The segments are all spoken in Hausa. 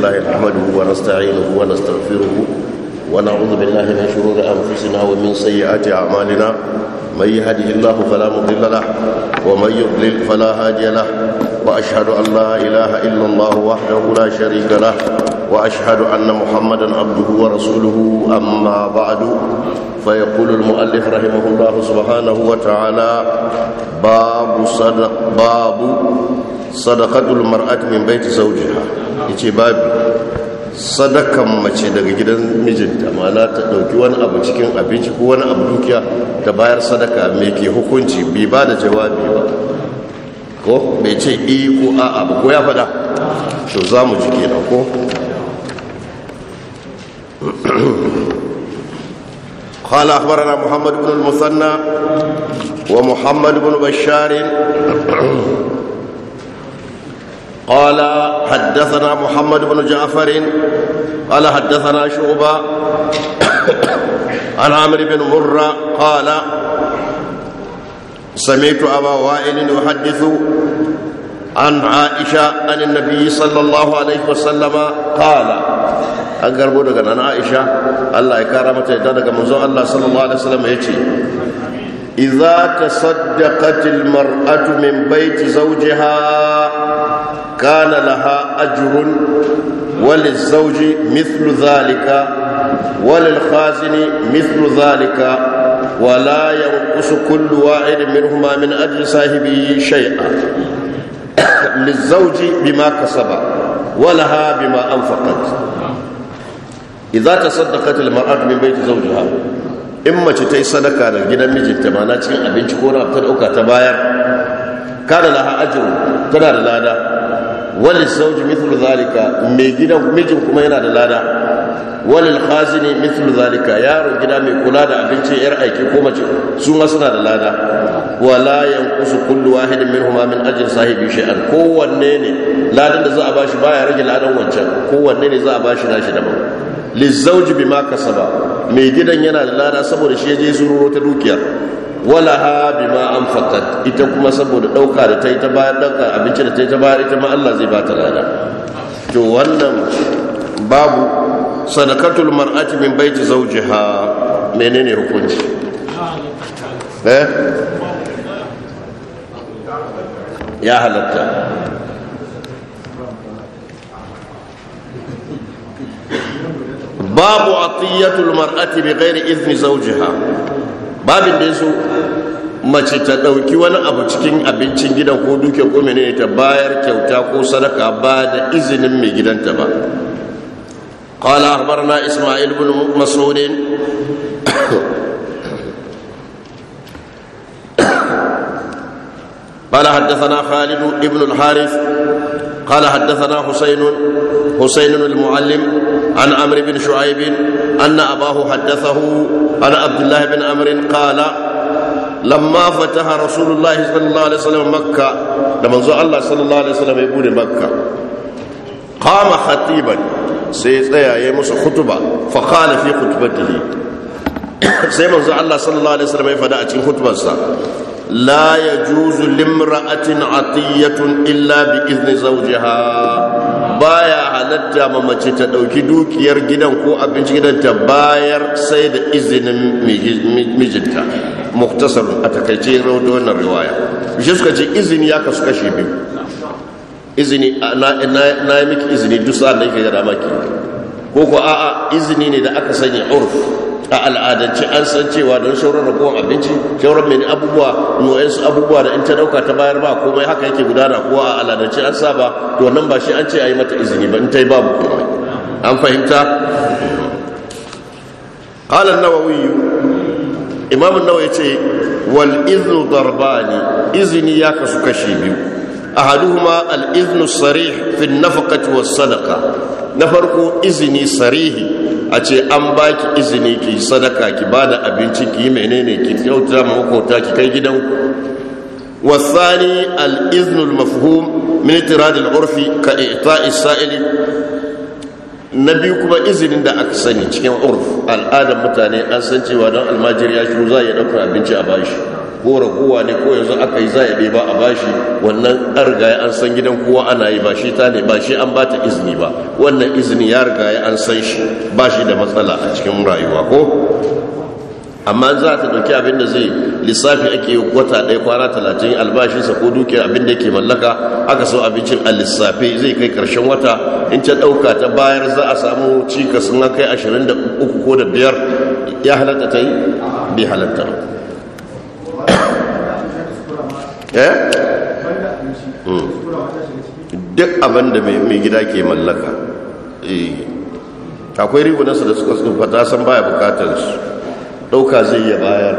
الله نحمده ونستعينه ونستغفره ونعوذ بالله من شرور أنفسنا ومن سيئات أعمالنا من يهده الله فلا مضل له ومن يضلل فلا هادي له وأشهد أن لا إله إلا الله وحده لا شريك له وأشهد أن محمدا عبده ورسوله أما بعد فيقول المؤلف رحمه الله سبحانه وتعالى باب صدق باب صدقة المرأة من بيت زوجها ya ce babu sadakan mace daga gidan mijinta mana ta ɗauki wani abu cikin abinci ko wani abu dukiya da bayar sadaka mai ke hukunci bai ba da jawabi ba ko bai ce i ko a abu ko ya fada to za mu jike na ko قال Muhammadu محمد بن المثنى ومحمد بن بشار قال حدثنا محمد بن جعفر قال حدثنا شعبة عن عمرو بن مرة قال سمعت أبا وائل يحدث عن عائشة عن النبي صلى الله عليه وسلم قال an garbo daga nan aisha allah ya kara mata yadda daga manzon allah sallallahu alaihi wasallam ya ce idza tasaddaqatil mar'atu min baiti zawjiha كان لها أجر وللزوج مثل ذلك وللخازن مثل ذلك ولا ينقص كل واحد منهما من أجل صاحبه شيئا للزوج بما كسب ولها بما أنفقت إذا تصدقت المرأة من بيت زوجها in mace ta yi sadaka da gidan mijinta ma na cikin abinci ko na ta dauka ta bayar kana laha ajru tana da lada walil zawji mithlu zalika mai gidan mijin kuma yana da lada walil khazini mithlu zalika yaron gida mai kula da abinci yar aiki ko mace su ma suna da lada wala yanqusu kullu wahidin huma min ajri sahibi shay'an kowanne ne ladan da za a bashi baya rage ladan wancan kowanne ne za a bashi nashi daban lizawji bima kasaba mai gidan yana da lada saboda shi je zuro ta dukiya wala ha bi ma an fakat ita kuma saboda dauka da tai ta bayar dauka abinci da tai ta bayar ita ma Allah zai bata lada to wannan babu sadakatul mar'ati min baiti zawjiha menene hukunci eh ya halatta babu atiyatul mar'ati bi ghairi izni zawjiha babin da su mace ta dauki wani abu cikin abincin gidan ko duke ko menene ta bayar kyauta ko sadaka ba da izinin mai gidanta ba قال أخبرنا isma'il بن مسعود قال حدثنا خالد بن الحارث قال حدثنا حسين حسين المعلم عن عمرو بن شعيب أن أباه حدثه عن عبد الله بن عمرو قال لما فتح رسول الله صلى الله عليه وسلم مكة لما الله صلى الله عليه وسلم يقول مكة قام خطيبا سيطيع يمس خطبة فقال في خطبته سيما الله صلى الله عليه وسلم يفدأت خطبة لا يجوز لامرأة عطية إلا بإذن زوجها baya halatta ma mace ta ɗauki dukiyar gidan ko abinci gidan ta bayar sai da izinin mijinta muktasar a takaice rahoto wannan riwaya shi suka ce izini ya kasu kashe biyu izini na yi miki izini duk sa'ad da yake da maki ko ko a'a izini ne da aka sanya urf a al'adance an san cewa don shauran ragowar abinci shaurar mai abubuwa noyansu abubuwa da in ta dauka ta bayar ba komai haka yake gudana ko a al'adance an saba to wannan ba shi an ce a yi mata izini ba in ta yi babu komai an fahimta halar nawawi imamun nawa ya ce wal iznu darbani izini ya kasu kashi biyu A sarih الإذن nafakati wa sadaka. Na farko, izini sarihi a ce an ba ki izini ki sadaka ki ba da abinci ki yi menene ki kyauta ma makota ki kai gidan wasani al-iznul mafhum min al-urfi ka ita na biyu kuma izinin da aka sani cikin urf al'adar mutane an san cewa don almajiri ya shiru za ya ɗaukar abinci a bashi ko raguwa ne ko yanzu aka yi zaɓe ba a bashi wannan an ya an san gidan kowa ana yi ba shi ta ne ba shi an bata ta izini ba wannan izini ya riga an san shi ba shi da matsala a cikin rayuwa ko amma za ta ɗauki abin da zai lissafi ake wata ɗaya kwana talatin albashinsa ko dukiyar abin da ke mallaka aka so abincin a lissafi zai kai karshen wata in ta ɗauka ta bayar za a samu cikas na kai ashirin da uku ko da biyar ya halatta ta yi bi halatta eh hmm. duk abin da mai gida ke mallaka eh. akwai rigunansa da suka tsufa ta san baya bukatar su ɗauka zai iya bayar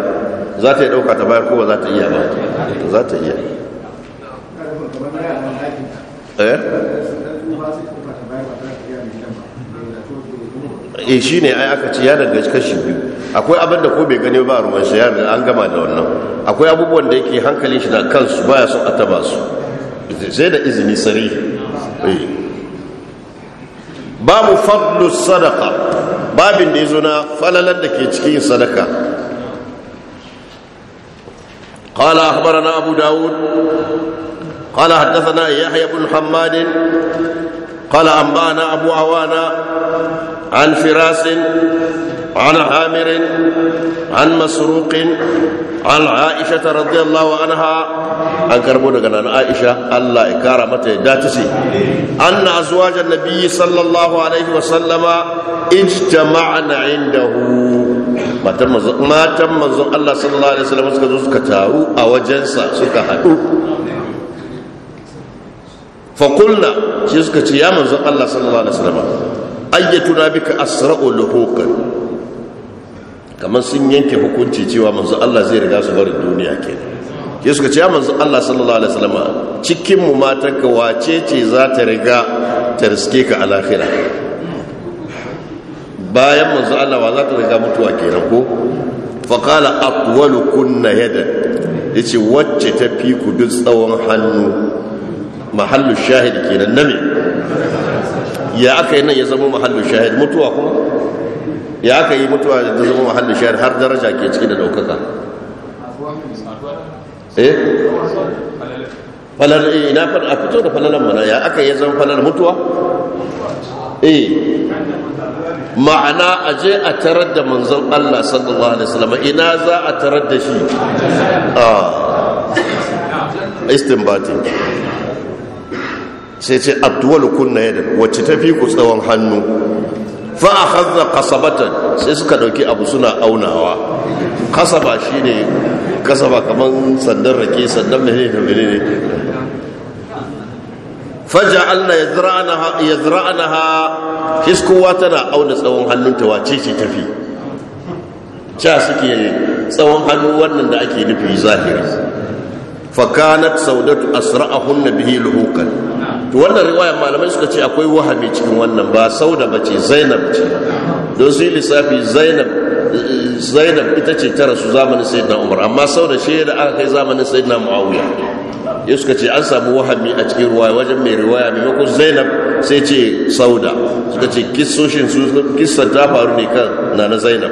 za ta yi ɗauka ta bayar kowa za ta iya bayar za ta iya eh e shi ne ai aka ci ya daga kashi biyu akwai abinda ko bai gani ba ruwan shi ya an gama da wannan akwai abubuwan da yake hankalin shi da kansu baya son a taba su sai da izini sari eh. babu fadlu sadaka babin da ya zo na falalar da ke cikin sadaka قال abu dawud داود haddasa na yahya بن hammadin قال أنبأنا أبو عوانة عن فراس عن عامر عن مسروق عن عائشة رضي الله عنها عن كربونة عن عائشة الله إكرامته داتسي أن أزواج النبي صلى الله عليه وسلم اجتمعن عنده ما تم الله صلى الله عليه وسلم سكتوا أوجنسا سكهدوا fakulla shi suka ce ya manzon allah sallallahu alaihi wasallam ayyatuna bika asra'u luhuqan kamar sun yanke hukunci cewa manzon allah zai riga su barin duniya kenan shi suka ce ya manzon allah sallallahu alaihi wasallam cikin mu ka wace ce za ta riga ta riske ka a lahira bayan manzon allah wa za ta riga mutuwa kenan ko faƙala atwalu kunna yadda ya ce wacce ta fi ku duk tsawon hannu mahallu shahid kenan name ya aka yi nan ya zama mahallu shahid mutuwa kuma ya aka yi mutuwa da zama mahallu shahid har daraja ke ciki da daukaka eh falar ina eh, fa a fito da falalan mana ya aka yi zama falar mutuwa eh ma'ana a je a tarar da manzon Allah sallallahu alaihi wasallam ina za a tarar da shi a ah. istinbati sai ce addu'al kunna yadda wacce ta fi ku tsawon hannu fa akhadha kasabata sai suka dauki abu suna aunawa kasaba shi ne kasaba kamar sandan rake sandan da mene ne mene ne faja'alna yazra'naha ha. hiskuwa tana auna tsawon hannunta wace ce tafi cha suke tsawon hannu wannan da ake nufi zahiri fakanat saudatu asra'ahunna bihi luhukan to wannan riwayar malamai suka ce akwai wahami cikin wannan ba sauda ba ce zainab ce don su yi lissafi zainab zainab ita ce ta rasu zamanin sayyidina umar amma sauda shi da aka kai zamanin sayyidina muawiya ya suka ce an samu wahami a cikin ruwaya wajen mai riwaya maimakon zainab sai ce sauda suka ce kissoshin su kissa ta faru ne kan na na zainab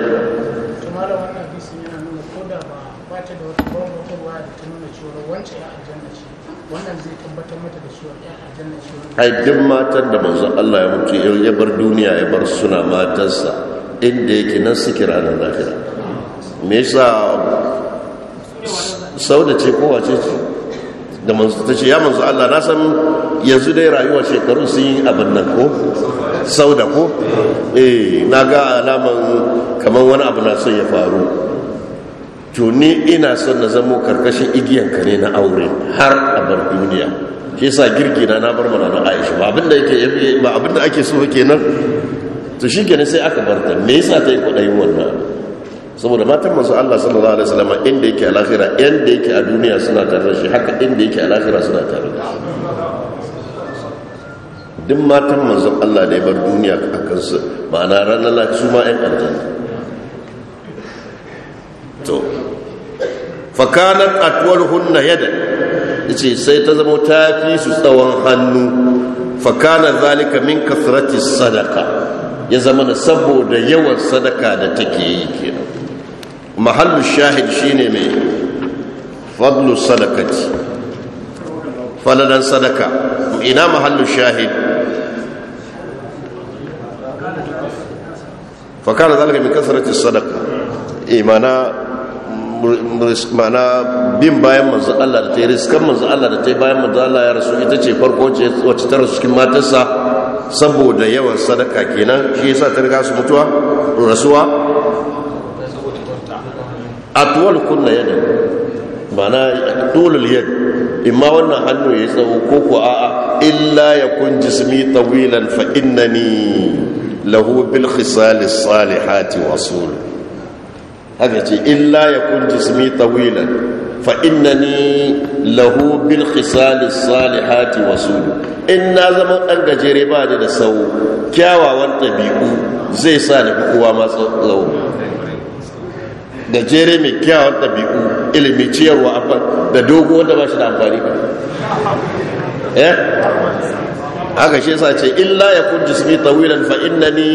ai duk matan da manzo Allah ya mutu ya bar duniya ya bar suna matarsa inda yake nan suke ranar lafiya me yasa sau da ce kowace ce da manzo ta ce ya manzo Allah na san yanzu dai rayuwa shekaru sun yi abin nan ko sau da ko eh na ga alaman kamar wani abu na son ya faru to ni ina son na zamo karkashin igiyanka ne na aure har abar duniya shi sa girki na na bar mana na aisha ba abinda yake ba abinda ake so kenan to shi kenan sai aka bar ta me yasa ta yi kwaɗayin wannan saboda matan masu Allah sallallahu alaihi wasallam inda yake a lahira inda yake a duniya suna tare da shi haka inda yake a lahira suna tare da shi duk matan manzon Allah da ya bar duniya a kansu ma'ana ranar lati su ma 'yan aljanna to fakanar atwar hunna yadda yace sai ta zama ta fi su tsawon hannu fa kana zalika min kasrati sadaka ya zama da saboda yawan sadaka da take yi kenan mahallu shahid shine mai fadlu sadakati falalan sadaka ina mahallu shahid fa kana zalika min kasrati sadaka imana eh, mana bin bayan manzan Allah da ta yi riskan manzan Allah da ta yi bayan manzan Allah ya rasu ita ce farko ce wacce ta rasu cikin matarsa saboda yawan sadaka kenan shi yasa ta riga su mutuwa rasuwa a atwal kunna yada mana dolul yad imma wannan hannu ya tsawo ko ko a'a illa ya kun jismi tawilan fa innani lahu bil khisal salihati wasul haka ce illa ya kun jismi tawilan fa ni lahu bil khisal salihati wasulu in na zama dan gajere ba da sau kyawawan ɗabi'u zai sa ni kowa ma tsawo gajere mai kyawawan ɗabi'u ilimi ciyarwa afan da dogo wanda ba shi da amfani ba eh haka shi yasa ce illa ya kun jismi tawilan fa ni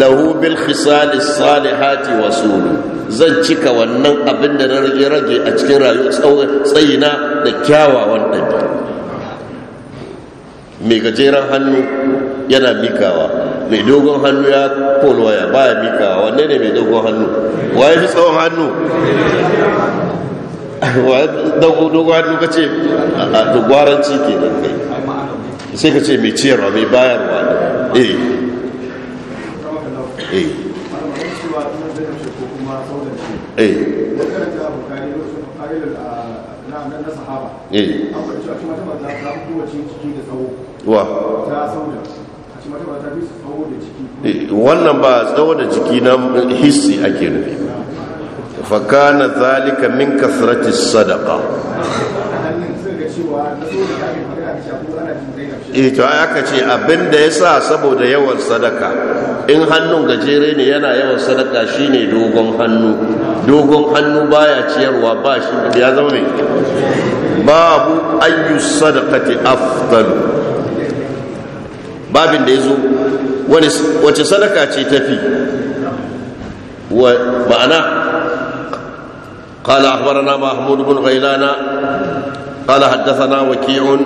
lahu bil khisal salihati wasulu zan cika wannan abin da na rage rage a cikin rayuwar tsayina da kyawawan ɗabi'a mai gajeren hannu yana mikawa mai dogon hannu ya kolwaya baya mikawa wanne ne mai dogon hannu waye fi tsawon hannu waye dogon hannu ka ce a dogwaran cike nan kai sai ka ce mai ciyarwa mai bayarwa eh eh wannan ba tsawo da jiki na hissi ake nufi fakana zalika min eh, to aka ce abinda ya sa saboda yawan sadaka in hannun gajere ne yana yawan sadaka shine dogon hannu dogon hannu baya ciyarwa ba shi ya zama mai babu ayyu sadaqati afdal babin da yazo wani wace sadaka ce tafi wa ma'ana قال أخبرنا محمود بن غيلان قال حدثنا وكيع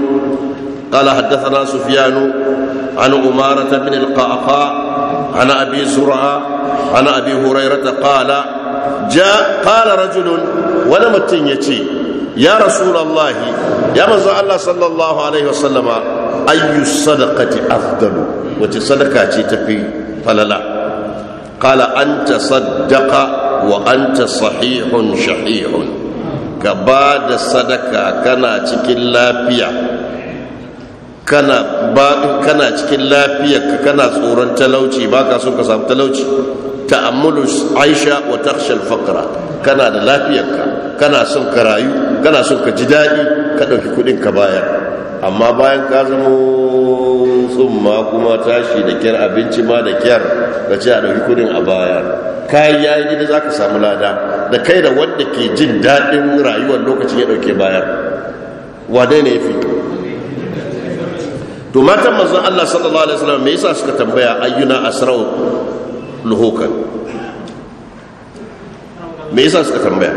قال حدثنا سفيان عن أمارة بن القعقاع عن أبي زرعة عن أبي هريرة قال ja qala rajulun wani mutum ya ce ya rasulallahi ya mazu Allah sallallahu alaihi wasallama ayyu sadaqati afdalu wace sadaka ce tafi falala an ta saddaqa wa ta sahihun shahihun ka ba da sadaka kana cikin lafiya kana cikin lafiya kana tsoron talauci ba ka so ka samu talauci ta'ammulu aisha wa takhsha al-faqra kana da lafiyarka kana son ka rayu kana son ka ji dadi ka dauki kudin ka bayar amma bayan ka zama tsumma kuma tashi da kyar abinci ma da kyar da ce a dauki kudin a bayar kayan yayi gida zaka samu lada da kai da wanda ke jin daɗin rayuwar lokacin ya dauke bayar wa dai ne ya fito to matan manzon Allah sallallahu alaihi wasallam me yasa suka tambaya ayyuna asrau luhukan me yasa suka tambaya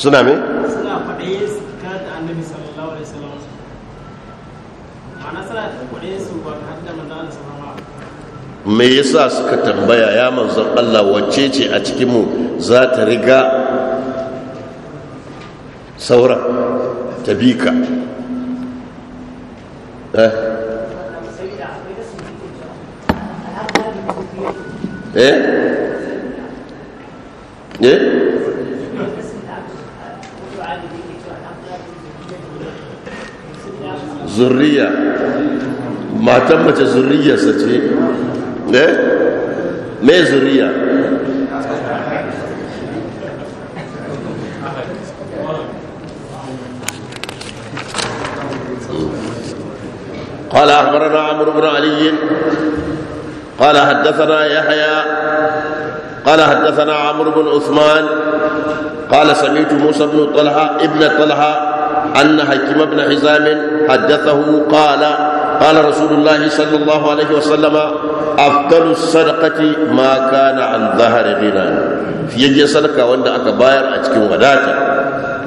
suna me? suna su kada annabi sallallahu alaihi wasallam suna su ba manzana su hama me yasa suka tambaya ya manzon Allah wacce ce a cikinmu za ta riga sauran ta bi ka eh? eh eh zurriya matan mace zurriyarsa ce ne eh? mai zurriya قال أخبرنا عمرو بن علي قال حدثنا يحيى قال حدثنا عمرو بن عثمان قال سمعت موسى بن طلحة ابن طلحة أن حكيم بن حزام حدثه قال قال رسول الله صلى الله عليه وسلم أفضل الصدقة ما كان عن ظهر غنى في يجي صدقة وأن أكباير أتكم وداتا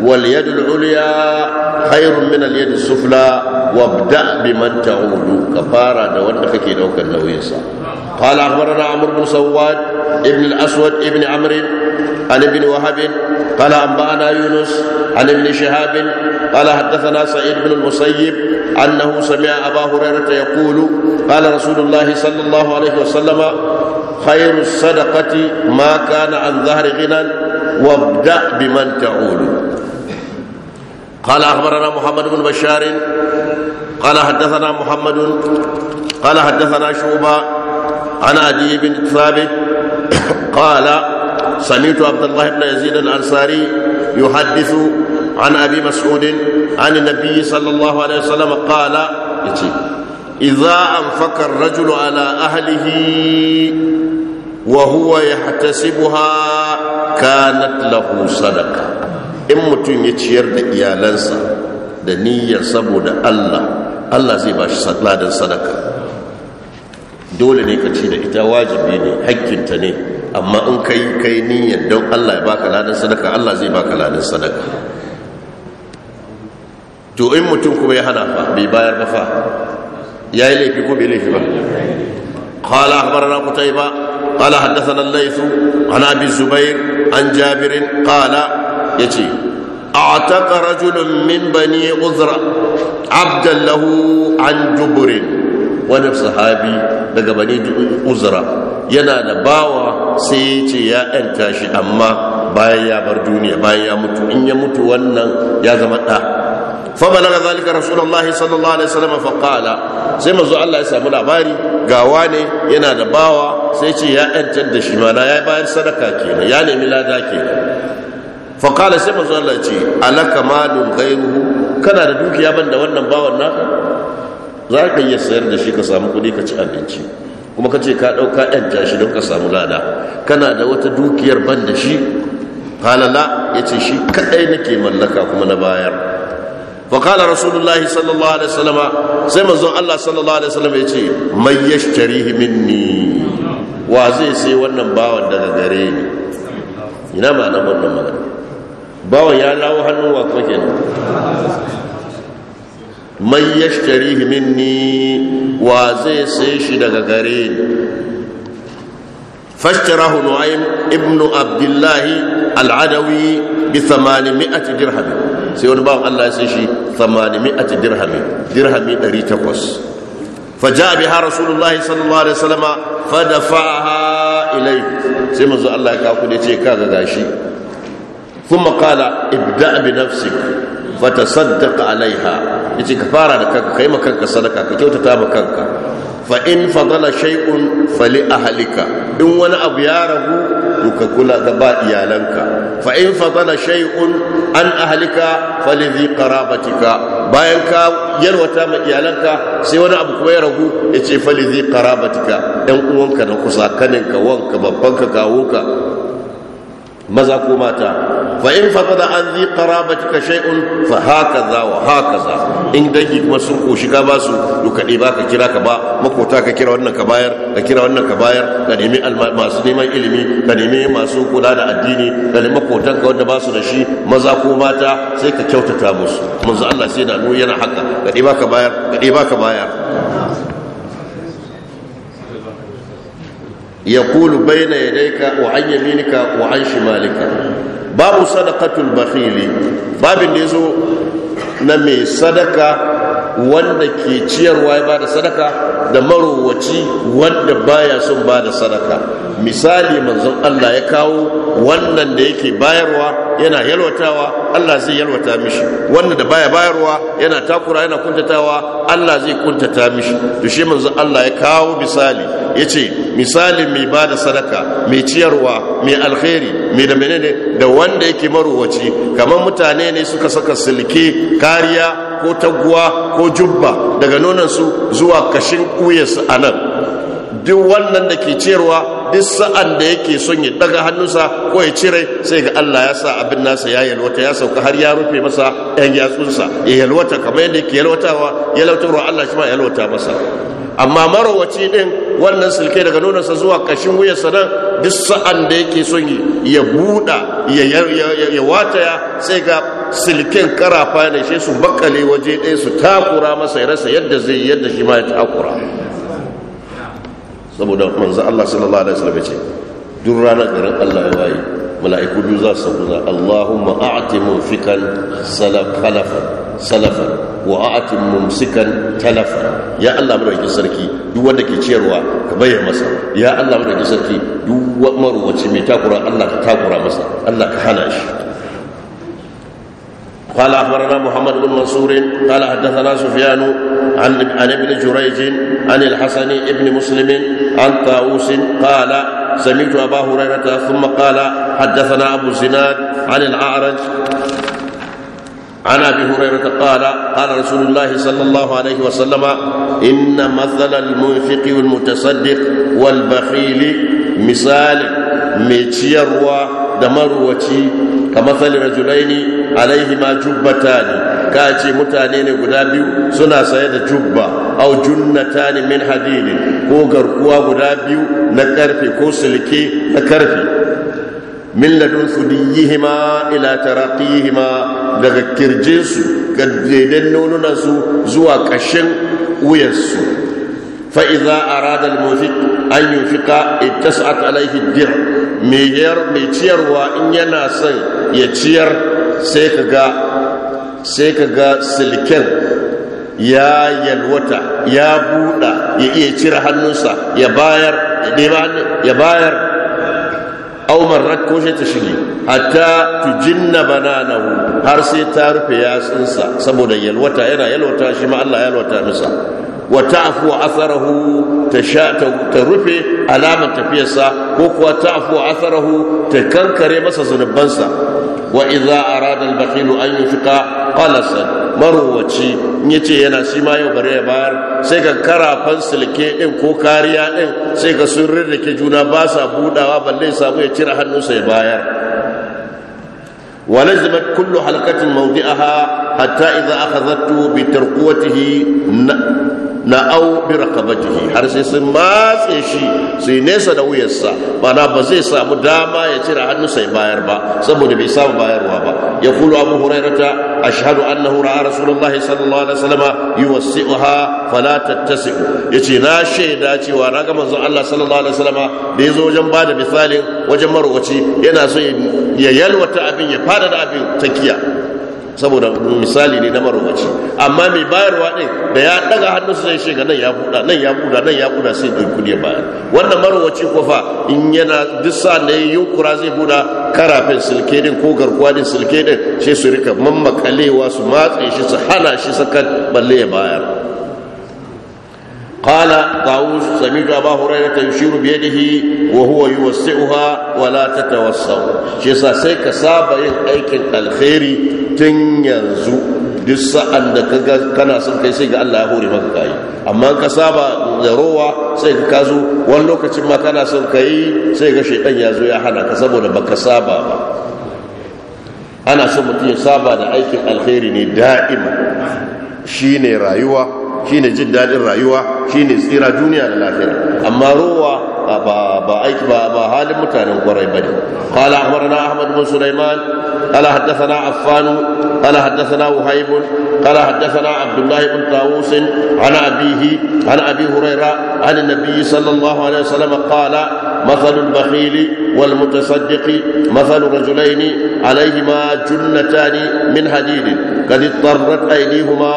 واليد العليا خير من اليد السفلى وابدأ بمن تعود كفارة دوان كي دوك النويسة قال أخبرنا عمرو بن سواد ابن الأسود ابن عمرو عن ابن وهب قال أنبأنا يونس عن ابن شهاب قال حدثنا سعيد بن المسيب أنه سمع أبا هريرة يقول قال رسول الله صلى الله عليه وسلم خير الصدقة ما كان عن ظهر غنى وابدأ بمن تعود قال أخبرنا محمد بن بشار قال حدثنا محمد قال حدثنا شوبا عن عدي بن ثابت قال سمعت عبد الله بن يزيد الأنصاري يحدث عن أبي مسعود عن النبي صلى الله عليه وسلم قال إذا أنفق الرجل على أهله وهو يحتسبها كانت له صدقه in mutum ya ciyar da iyalansa da niyyar saboda Allah Allah zai ba shi ladan sadaka dole ne ka ci da ita wajibi ne hakkinta ne amma in kai kai niyyar don Allah ya baka ladan sadaka Allah zai baka ladan sadaka to in mutum kuma ya hana fa bai bayar ba fa ya yi laifi ko bai laifi ba qala akhbarana qutayba qala haddathana al-layth Ana bi zubair an Jabirin, qala ya ce a a'ataka rajulun min bani uzra abdan lahu an juburin wani sahabi daga bani uzra yana da bawa sai ya ce ya ɗanta shi amma bayan ya bar duniya bayan ya mutu in ya mutu wannan ya zama ɗa فبلغ ذلك رسول الله صلى الله عليه وسلم فقال sai manzo Allah ya sami labari gawa ne yana da bawa sai ce ya yantar da shi mana ya bayar sadaka kenan ya nemi lada ke. faƙala sai masu Allah ce alaka malin gairuhu kana da dukiya ban da wannan bawan naka za ka iya sayar da shi ka samu kuɗi ka ci abinci kuma ka ce ka ɗauka ɗan shi don ka samu lada kana da wata dukiyar ban da shi halala ya ce shi kaɗai nake mallaka kuma na bayar faƙala rasulullahi sallallahu alaihi wasallama sai manzon Allah sallallahu alaihi wasallama ya ce mai yashtarihi minni wa zai sai wannan bawan daga gare ni ina ma'anar wannan magana bawan ya lawo hannun wa kuma kenan man yashtarihi minni wa zai sai shi daga gare ni fashtarahu nu'aym ibnu abdullahi al'adawi bi 800 dirham sai wani bawan Allah ya sai shi 800 dirham dirhami 800 faja'a biha rasulullahi sallallahu alaihi fa fadafa'aha ilayhi sai manzo Allah ya kawo kudi ce kaga gashi ثم قال ابدأ بنفسك فتصدق عليها يجي كفارة لكك خيمة كنك صدقة كيوتة تابة كنك فإن فضل شيء فلأهلك إن وانا أبياره يككلا قباء يالنك فإن فضل شيء عن أهلك فلذي قرابتك bayan ka yalwata ma iyalanka sai wani abu kuma ya ragu ya ce fali zai karabatika yan uwanka na kusa kaninka wanka babbanka kawunka maza ko mata fa in da an zi qarabatika shay'un fa haka za wa haka za. in dangi kuma sun koshi ka ba su to ka ba ka kira ka ba makota ka kira wannan ka bayar ka kira wannan ka bayar ka nemi masu neman ilimi ka nemi masu kula da addini ka nemi makotan ka wanda ba su da shi maza ko mata sai ka kyautata musu manzo Allah sai da nu yana haka ka ba ka bayar ka ba ka bayar يقول بين يديك وعن يمينك وعن شمالك باب صدقة البخيل باب النزو نمي صدقة wanda ke ciyarwa ya bada sadaka da marowaci wanda baya son bada sadaka misali manzon Allah ya kawo wannan da yake bayarwa yana yalwatawa Allah zai yalwata mishi wannan da baya bayarwa yana takura yana kuntatawa Allah zai kuntata mishi to shi manzon Allah ya kawo misali yace misalin mai bada sadaka mai ciyarwa mai alkhairi mai da menene da wanda yake marowaci kamar mutane ne suka saka silke kariya ko taguwa ko jubba daga nonansu zuwa kashin kuyarsu a nan duk wannan da ke ciyarwa duk sa'an da yake son ya daga hannunsa ko ya cire sai ga Allah ya sa abin nasa ya yalwata ya sauka har ya rufe masa yan yatsunsa ya yalwata kamar yadda yake yalwatawa ya lautarwa Allah shi ma yalwata masa amma marowaci din wannan silke daga nonansa zuwa kashin wuyarsa nan duk sa'an da yake son ya buɗa ya wataya sai ga silken karafa ne shi su bakale waje ɗaya su takura masa ya rasa yadda zai yi yadda shi ma ya takura saboda manzo Allah sallallahu alaihi wasallam ya ce duk ranar garin Allah ya waye mala'iku biyu za su sauka Allahumma a'ti munfikan salafan salafan wa a'ti mumsikan talafan ya Allah madaukakin sarki duk wanda ke ciyarwa ka bayyana masa ya Allah madaukakin sarki duk maruwaci mai takura Allah ka takura masa Allah ka hana shi قال اخبرنا محمد بن منصور قال حدثنا سفيان عن عن ابن جريج عن الحسن بن مسلم عن طاووس قال سمعت ابا هريره ثم قال حدثنا ابو الزناد عن الاعرج عن ابي هريره قال قال رسول الله صلى الله عليه وسلم ان مثل المنفق والمتصدق والبخيل مثال mai ciyarwa da marwaci kamasali rajulaini alaihi ma jubbatani ka ce mutane ne guda biyu suna saye da jubba au junnatani min hadini ko garkuwa guda biyu na karfe ko silke na karfe min ladun sudiyihima ila taraqihima daga kirjinsu ga daidan nonunansu zuwa ƙashin wuyansu fa'iza a radar mafi an yi fiƙa ita sa'ad alaihi dir mai ciyarwa in yana son ya ciyar sai ka ga sai ka ga silken ya yalwata ya buɗa ya iya cire hannunsa ya bayar ya bayar aumar ko shi ta shige hatta na bananahu har sai ta rufe yatsunsa saboda yalwata yana yalwata shi ma Allah yalwata masa wa ta'fu atharahu ta ta rufe alaman tafiyarsa ko kuwa ta'fu atharahu ta kankare masa zunubansa wa idza arada al-bakhil an yunfiqa qalasan marwaci yace yana shi ma yau bare ya bayar sai ka karafan silke din ko kariya din sai ka sun rirrike juna ba sa budawa balle samu ya cire hannunsa ya bayar ولزمت كل حلقة موضعها حتى إذا أخذته بترقوته Na na'au bi rakabatihi har sai sun matse shi sai nesa da wuyarsa Ba na ba zai samu dama ya cire hannu sai bayar ba saboda bai samu bayarwa ba ya kulu abu hurairata ashhadu annahu ra'a rasulullahi sallallahu alaihi wasallam yuwassi'uha fala tattasi'u yace na shaida cewa na ga manzon Allah sallallahu alaihi wasallam da yazo wajen bada misalin wajen marwaci yana so ya yalwata abin ya fada da abin takiya saboda misali ne na marubaci amma mai bayarwa ɗin da ya daga su zai shiga nan ya buɗa nan ya buɗa nan ya buɗa sai ɗin kudi ya bayar wannan marubaci ko fa in yana duk sa ne yunkura zai buɗa karafin silke din ko garkuwa din silke din sai su rika mammakalewa su matse shi su hana shi sakan balle ya bayar قال طاووس سمعت ابا هريره يشير بيده وهو يوسعها ولا تتوسع شيسا سيك سابا ايكن الخير tun yanzu duk sa'an da kaga kana son kai sai ga Allah ya hore maka kai amma ka saba da rowa sai ka kazo wani lokacin ma kana son kai sai ga shaitan ya zo ya hana ka saboda baka saba ba ana son mutum ya saba da aikin alkhairi ne da'ima shine rayuwa shine jin daɗin rayuwa shine tsira duniya da lafiya amma rowa ba aiki ba halin mutanen kwarai bane qala akhbarana ahmad bin sulaiman qala haddathana affan qala haddathana uhayb qala haddathana abdullah bin an abihi abi huraira an nabiy sallallahu alaihi wasallam qala مثل البخيل والمتصدق مثل رجلين عليهما جنتان من حديد قد اضطرت ايديهما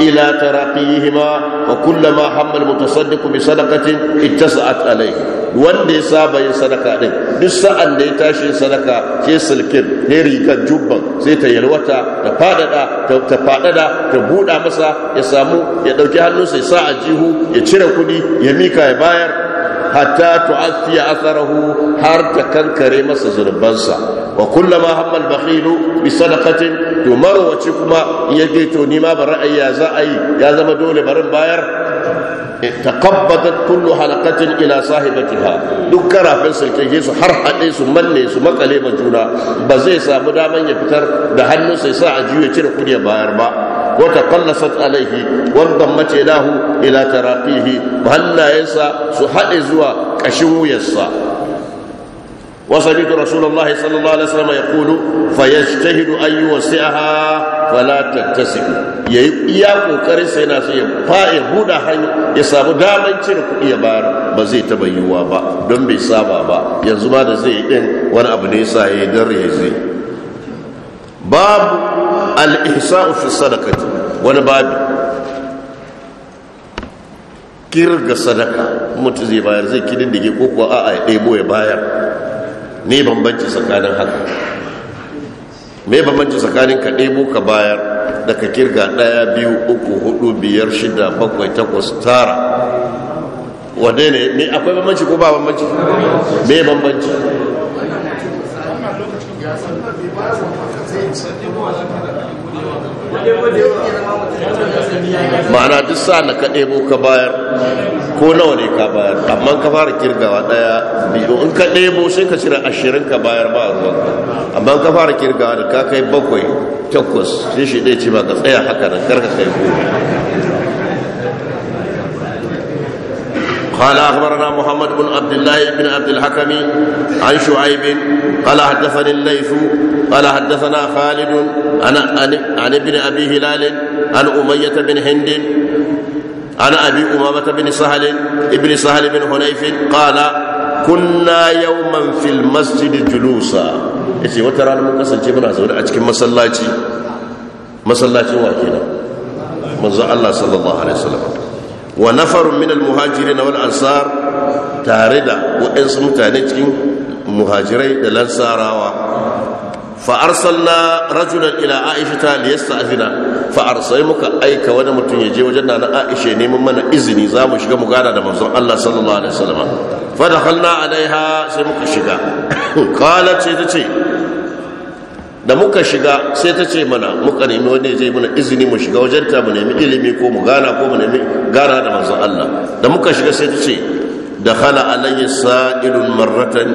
إلى تراقيهما وكلما هم المتصدق بصدقة اتسعت عليه wanda ya saba yin sadaka din duk sa'an da ya tashi sadaka ke silkin ne rigar jubban sai ta yalwata ta fadada ta fadada ta buda masa ya samu ya dauki hannunsa ya sa a jihu ya cire kudi ya mika ya bayar hatta tu'affiya atharahu har ta kankare masa zunubansa wa kullama hamma al-bakhilu bi sadaqatin yumaru wa kuma yaje to ni ma bar ra'ayi ya za ai ya zama dole barin bayar eh, taqabbadat kullu halaqatin ila sahibatiha duk karafin sulke su har haɗe su manne su makale ma juna ba zai samu daman ya fitar da hannunsa ya sa a juya cire kudi bayar ba وتقلصت عليه وانضمت إله إلى تراقيه وهلا ينسى سحد زوا كشو يسا وسمعت رسول الله صلى الله عليه وسلم يقول فيجتهد أن يوسعها فلا تتسع يا كوكري سينا سي فا يهودا حي يسابو دامن cin kuɗi ya bayar ba zai taɓa yiwuwa ba don bai saba ba yanzu ba da zai yi ɗin wani abu ne sa ya yi don babu al fi wani babu kirga sadaka mutu zai bayar zai kididdige ko kuwa a'a ya ɗebo ya bayar ne bambanci tsakanin haka me bambanci tsakanin ka ɗebo ka bayar da ka kirga ɗaya biyu uku hudu biyar shida bakwai takwas tara wadda ne akwai bambanci ko ba bambanci me bambanci ma'ana duk sa'an da ka ɗebo ka bayar ko nawa ne ka bayar amma ka fara kirgawa ɗaya biyu in ka ɗebo sai ka cire ashirin ka bayar ba a ruwanka amma ka fara kirgawa da ka kai bakwai takwas shi shi ɗaya ce ba ka tsaya haka da karka kai goma قال اخبرنا محمد بن عبد الله بن عبد الحكم عن شعيب قال حدثني الليث قال حدثنا خالد عن عن ابن ابي هلال عن اميه بن هند عن ابي امامه بن سهل ابن سهل بن حنيف قال كنا يوما في المسجد جلوسا yace wata rana mun kasance muna zaune a cikin masallaci masallacin wa kenan manzo Allah sallallahu alaihi wasallam wa nafarun min al-muhajirin wal ansar tare da waɗansu mutane cikin muhajirai da lansarawa فأرسلنا رجلا إلى عائشة ليستأذنا فأرسلمك أيك ونمتن يجي وجدنا عائشة نيم من إذني زام شكا مقالة دمزون الله صلى الله عليه وسلم فدخلنا عليها سيمك شكا قالت سيدتي da muka shiga sai ta ce mana muka nemi wani zai mana izini mu shiga ta mu nemi ilimi ko mu gana ko mu nemi gana da manzon Allah da muka shiga sai ta ce da khala alayya sa'ilun marratan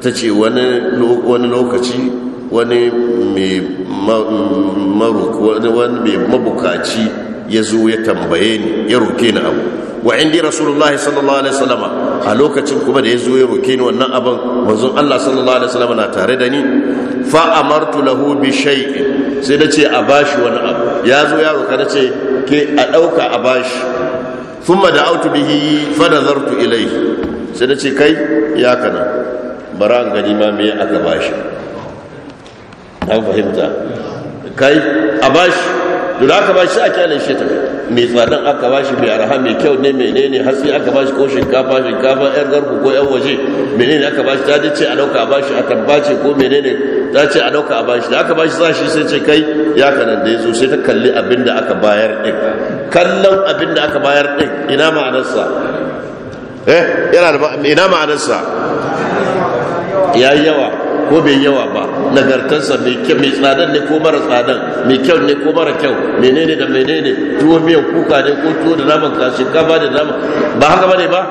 ta ce wani lokaci wani mai mabukaci ya zo ya tambaye ni ya roke ni abu wa indi rasulullahi sallallahu alaihi wasallama a lokacin kuma da ya zo ya roke ni wannan abin manzon Allah sallallahu alaihi wasallama na tare da ni fa amartu lahu bi shay'in sai na ce a bashi wani abu ya zo ya roka na ce ke a dauka a bashi thumma da'awtu bihi fa nazartu ilayhi sai na ce kai ya kana bara an gani ma me aka bashi an fahimta kai a bashi duk da aka bashi a kyalin shi ta mai tsadan aka bashi mai arha, mai kyau ne menene hatsi aka bashi ko shinkafa shinkafa yan garku ko yan waje menene aka bashi ta dace a dauka a bashi a karba ce ko menene ta ce a dauka a bashi da aka bashi za shi sai ce kai ya kanan da zo sai ta kalli abin da aka bayar ɗin. kallon abin da aka bayar ɗin ina ma'anarsa eh yana da ina ma'anarsa yi yawa ko bai yawa ba nagartarsa mai kyau mai tsadan ne ko mara tsadan mai kyau ne ko mara kyau menene da menene tuwo miyan kuka ne ko tuwo da naman kashi kafa da naman ba haka bane ba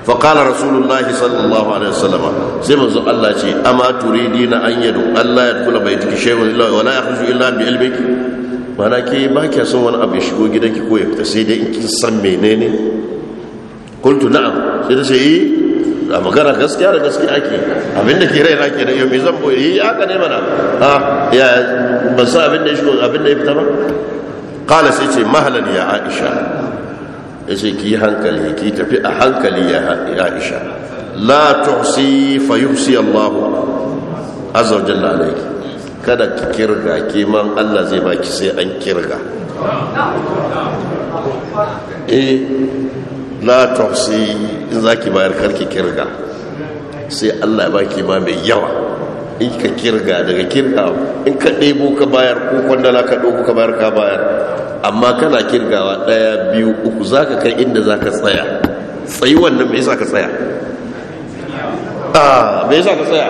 فقال رسول الله صلى الله ce وسلم سيما زو الله شيء أما تريدين أن يدعو الله يدخل بيتك شيء ولا يخرج إلا بعلمك mana ke ba kya son wani abu ya shigo gidanki ko ya fita sai dai in kin san menene qultu na'am sai ta ce eh a magana gaskiya da gaskiya ake abinda ke rai rake da yau mai zan boye yi haka ne mana ha ya ban sa abin da ya shigo abin da ya fita ba kala sai ce mahalan ya aisha ya ce ki hankali ki tafi a hankali ya aisha la tuhsi fa yuhsi Allah azza wa jalla alayki kada ki kirga ki man Allah zai baki sai an kirga eh la tausi in za ki bayar karki kirga sai Allah ya baki ma mai yawa in ka kirga daga kirga in ka ɗebo ka bayar ko kwandala ka ɗoku ka bayar ka bayar amma kana kirgawa ɗaya biyu uku za ka kai inda za ka tsaya tsayi wannan mai sa ka tsaya ah, mai sa ka tsaya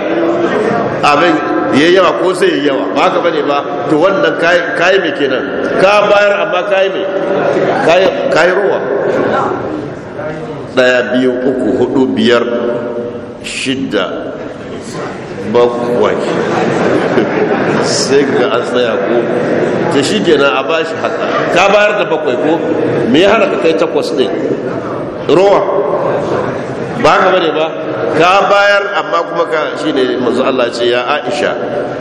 abin ya yawa ko sai ya yawa ba ka bane ba to wannan kayi mai kenan ka bayar amma kayi mai kayi rowa ɗaya biyu uku hudu biyar shidda bakwai sai ga an tsaya ko ta shi kenan a bashi haka ka bayar da bakwai ko me ya hana ka kai takwas ne rowa ba ka bane ba ka bayar amma kuma ka shi ne mazu Allah ce ya aisha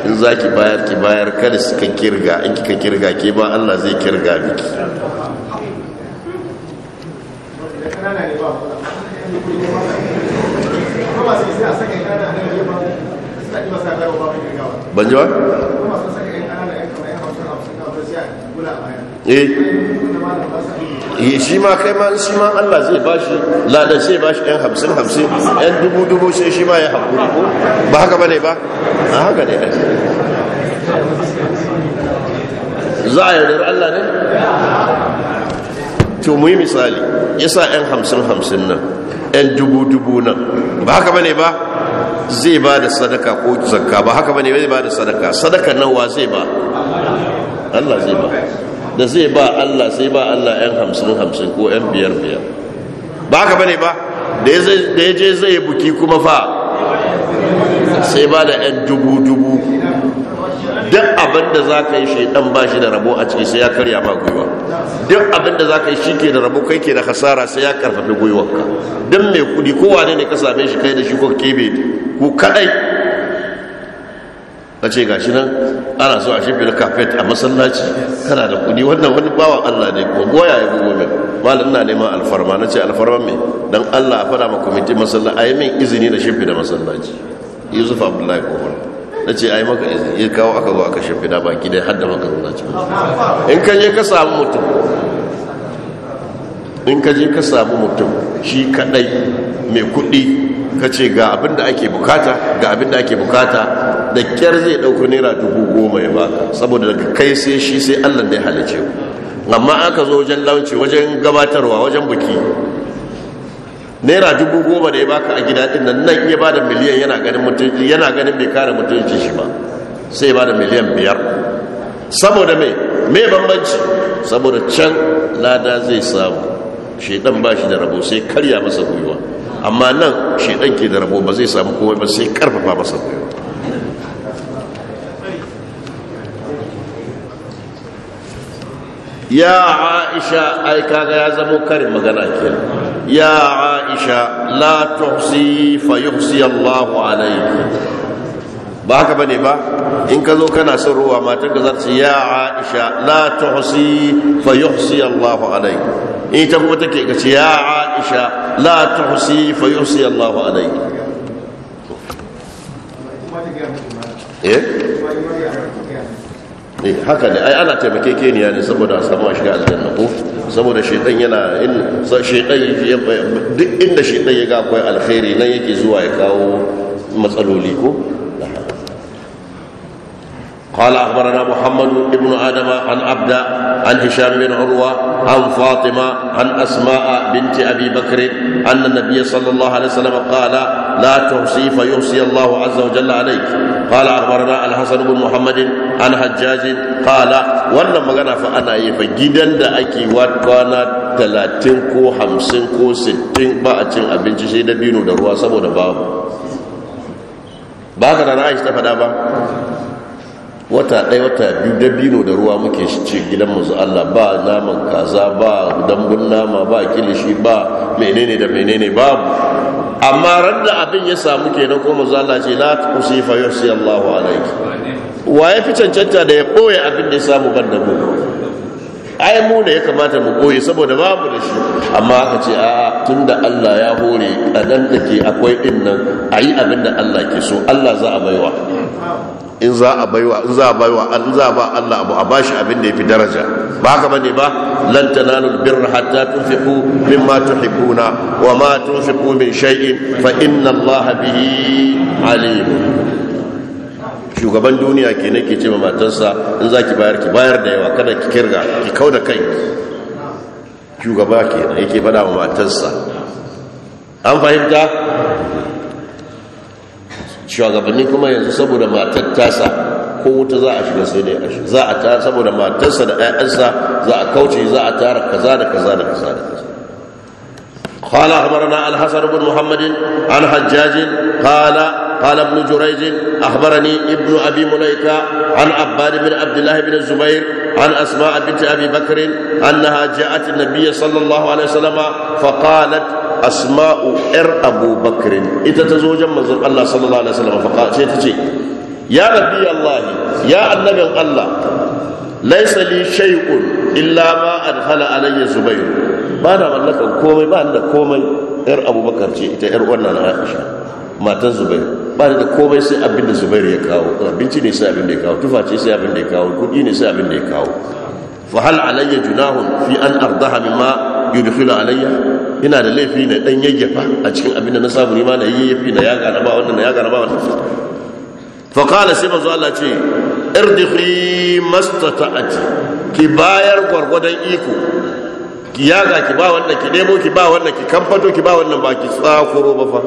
in za ki bayar ki bayar kada su ka kirga in ka kirga ke ba Allah zai kirga biki. ban ji ba? eh shi ma kai ma shi ma Allah zai ba shi ladan sai ba shi yan hamsin hamsin yan dubu dubu sai shi ma ya haƙuri ba haka ba ne ba a haka ne za a yaudar Allah ne? to mu yi misali ya sa yan hamsin hamsin nan yan dubu dubu nan ba haka bane ba zai ba da sadaka ko zakka ba haka bane zai ba da sadaka sadaka nan wa zai ba Allah zai ba da zai ba Allah sai ba Allah yan hamsin hamsin ko yan biyar biyar ba haka bane ba da ya je zai buki kuma fa sai ba da yan dubu dubu duk abin da za ka yi shaidan ba shi da rabo a ciki sai ya karya ma gwiwa duk abin da za ka yi shi ke da rabo kai ke da hasara sai ya karfafi gwiwarka don mai kudi kowane ne ka same shi kai da shi ko kebe ku kadai a ce gashi shi nan ana so a da kafet a masallaci kana da kudi wannan wani bawan allah ne ko goya ya gugu min malin na neman alfarma na ce alfarma mai don allah a fada ma kwamitin masallaci a yi min izini da da masallaci yusuf abdullahi kofar na ce ai maka ya kawo aka zo aka na baki dai hadda maka zuwa cikin in ka je ka samu mutum in ka je ka samu mutum shi kadai mai kudi ka ce ga abin da ake bukata ga abin da ake bukata da kyar zai ɗauka naira dubu goma ya ba saboda daga kai sai shi sai allah da ya halice ku amma aka zo wajen launci wajen gabatarwa wajen buki naira dubu goma da ya baka a gida din nan nan iya ba da miliyan yana ganin mutunci yana ganin bai kare mutunci shi ba sai ba da miliyan biyar saboda mai mai bambanci saboda can lada zai samu shaidan ba shi da rabo sai karya masa gwiwa amma nan shaidan ke da rabo ba zai samu komai ba sai karfafa masa gwiwa ya aisha aika ga ya zamo karin magana kenan يا عائشة لا تحصي فيحصي الله عليك ba haka bane ba in ka zo kana son ruwa matar ka zarce ya aisha la tuhsi fa yuhsi Allahu alayk in ta kuma take ka ce ya aisha la tuhsi fa yuhsi Allahu alayk eh Eh, haka ne ai ana taimake keniya ne saboda samu a shiga aljanna ko saboda shedan yana shaitan duk inda shedan ya ga akwai alkhairi nan yake zuwa ya kawo matsaloli ko قال أخبرنا محمد بن آدم عن عبد عن هشام بن عروة عن فاطمة عن أسماء بنت أبي بكر أن النبي صلى الله عليه وسلم قال لا تحصي فيحصي الله عز وجل عليك قال أخبرنا الحسن بن محمد عن حجاج قال wannan magana fa ana yi fa gidan da ake kwana talatin ko hamsin ko sittin ba a cin abinci sai da bino da ruwa saboda babu ba ka da ra'ayi ta faɗa ba wata ɗaya wata biyu dabino da ruwa muke ci gidan mazu Allah ba naman kaza ba dambun nama ba kilishi ba menene da menene babu amma ran abin ya samu kenan ko mazu Allah ce la tusifa yusi Allahu Allah wa ya fi cancanta da ya boye abin da ya samu ban da mu ai Muna ya kamata mu koyi saboda babu da shi amma aka ce a tun da Allah ya hore a nan da ke akwai ɗin nan a yi abin da Allah ke so Allah za a baiwa in za a baiwa in za a baiwa in za a ba Allah abu a bashi abin da yafi daraja ba haka bane ba lan tanalul birra hatta tunfiqu mimma tuhibbuna wa ma tunfiqu min shay'in fa inna Allah bihi alim shugaban duniya ke nake ce ma matarsa in za ki bayar ki bayar da yawa kada ki kirga ki kauda kai shugaba kenan yake faɗa wa matarsa an fahimta shugabanni kuma yanzu saboda matar tasa ko wuta za a shiga sai dai a shi za a ta saboda matarsa da 'ya'yansa za a kauce za a tara kaza da kaza da kaza da kaza قال أخبرنا الحسن بن محمد عن حجاج قال قال ابن جريج أخبرني ابن أبي مليكة عن عباد بن عبد الله بن الزبير عن أسماء بنت أبي بكر أنها جاءت النبي صلى الله عليه وسلم فقالت أسماء إر أبو بكر إتتزوج من الله صلى الله عليه وسلم فقالت يا نبي الله يا النبي الله laisa li shay'un illa ma adkhala alayya zubayr ba na mallakan komai ba da komai yar abubakar ce ita yar wannan aisha matan zubayr ba da komai sai abin da zubayr ya kawo abinci ne sai abin da ya kawo tufa ce sai abin da ya kawo kudi ne sai abin da ya kawo fa hal alayya junahun fi an ardaha mimma yudkhilu alayya ina da laifi ne dan yayyafa a cikin abin da na samu ni ma na yayyafi na ya gara ba wannan na ya gara ba wannan fa qala sai manzo Allah ce irdihi mastata'ati ki bayar gwargwadon iko ki yaga ki ba wannan ki nemo ki ba wannan ki kamfato ki ba wannan ba ki tsakuro ba fa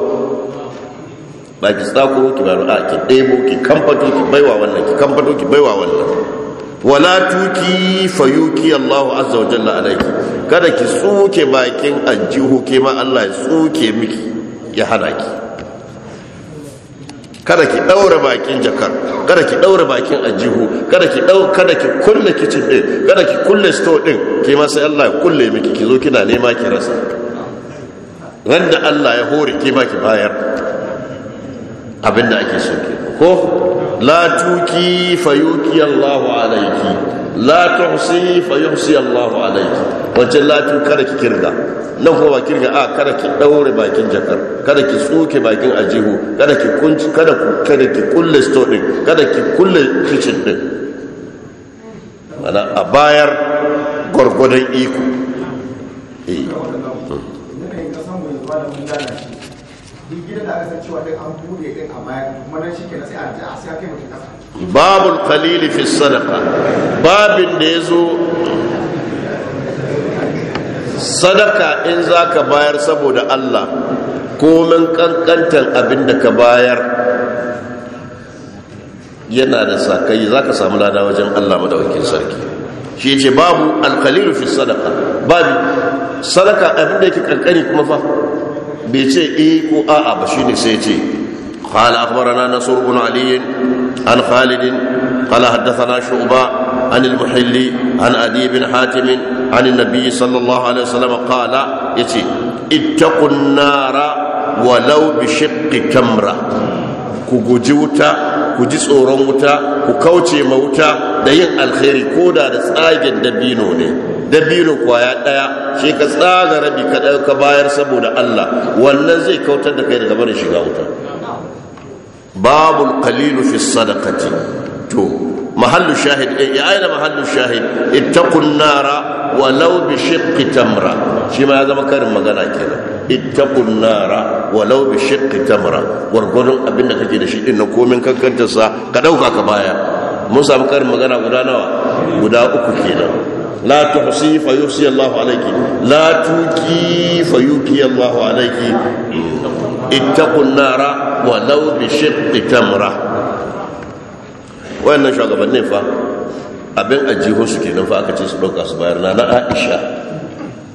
ba ki tsakuro ki ba a ki nemo ki kamfato ki baiwa wannan ki kamfato ki baiwa wannan wala tuki fayuki Allahu azza wa jalla alayki kada ki tsuke bakin aljihu ke ma Allah ya tsuke miki ya hada ki kada ki daura bakin jakar kada ki daura bakin ajihu kada ki dau kada ki kulle kitchen din kada ki kulle store din ke ma sai Allah ya kulle miki ki zo kina nema ki rasa wanda Allah ya hore ke ma ki bayar abinda ake so ke ko la tuki fayuki Allahu alayki la tuhsi fayuhsi Allahu alayki wace la tu kada ki kirga nan kuma kirga a kada ki daure bakin jakar kada ki tsoke bakin ajihu kada ki kunci kada ku kada ki kulle store din kada ki kulle kitchen din mana a bayar gwargwadon iko eh hmm. babul qalil fi sadaka, babin da ya zo sadaka in zaka bayar saboda Allah komin kankantar abin da ka bayar yana da za ka samu lada wajen Allah madaukakin sarki shi ce babu al fi sadaka, babu sadaka abin da yake kankani kuma fa bai ce iko a'a ba shi ne sai ce kwallo akwarana na surbun aliyin alfalidin kwallo haddasa na shuba an ilmuhalli an adibin hatimin an nabi sallallahu alaihi wasallam kwallo ya ita kunnara walau bi kamra ku guji wuta ku ji tsoron wuta ku kauce ma wuta da yin alheri ko da da tsagen dabino ne dabino kwaya daya shi ka tsaga rabi ka ka bayar saboda Allah wannan zai kautar da kai daga barin shiga wuta babul qalilu fi sadaqati to mahallu shahid eh, ya aina mahallu shahid ittaqun nara walau bi shiqqi tamra shi ma ya zama karin magana kenan ittaqun nara walau bi shiqqi tamra wargwadon abinda kake da shi din na komin kankantar sa ka dauka ka baya mun samu karin magana guda nawa guda uku kenan لا تحصي فيحصي الله عليك لا توكي فيوكي الله عليك اتقوا النار ولو بشق Wa وين شاء الله fa? abin ajiho su kenan fa aka ce su ɗauka su bayar na na aisha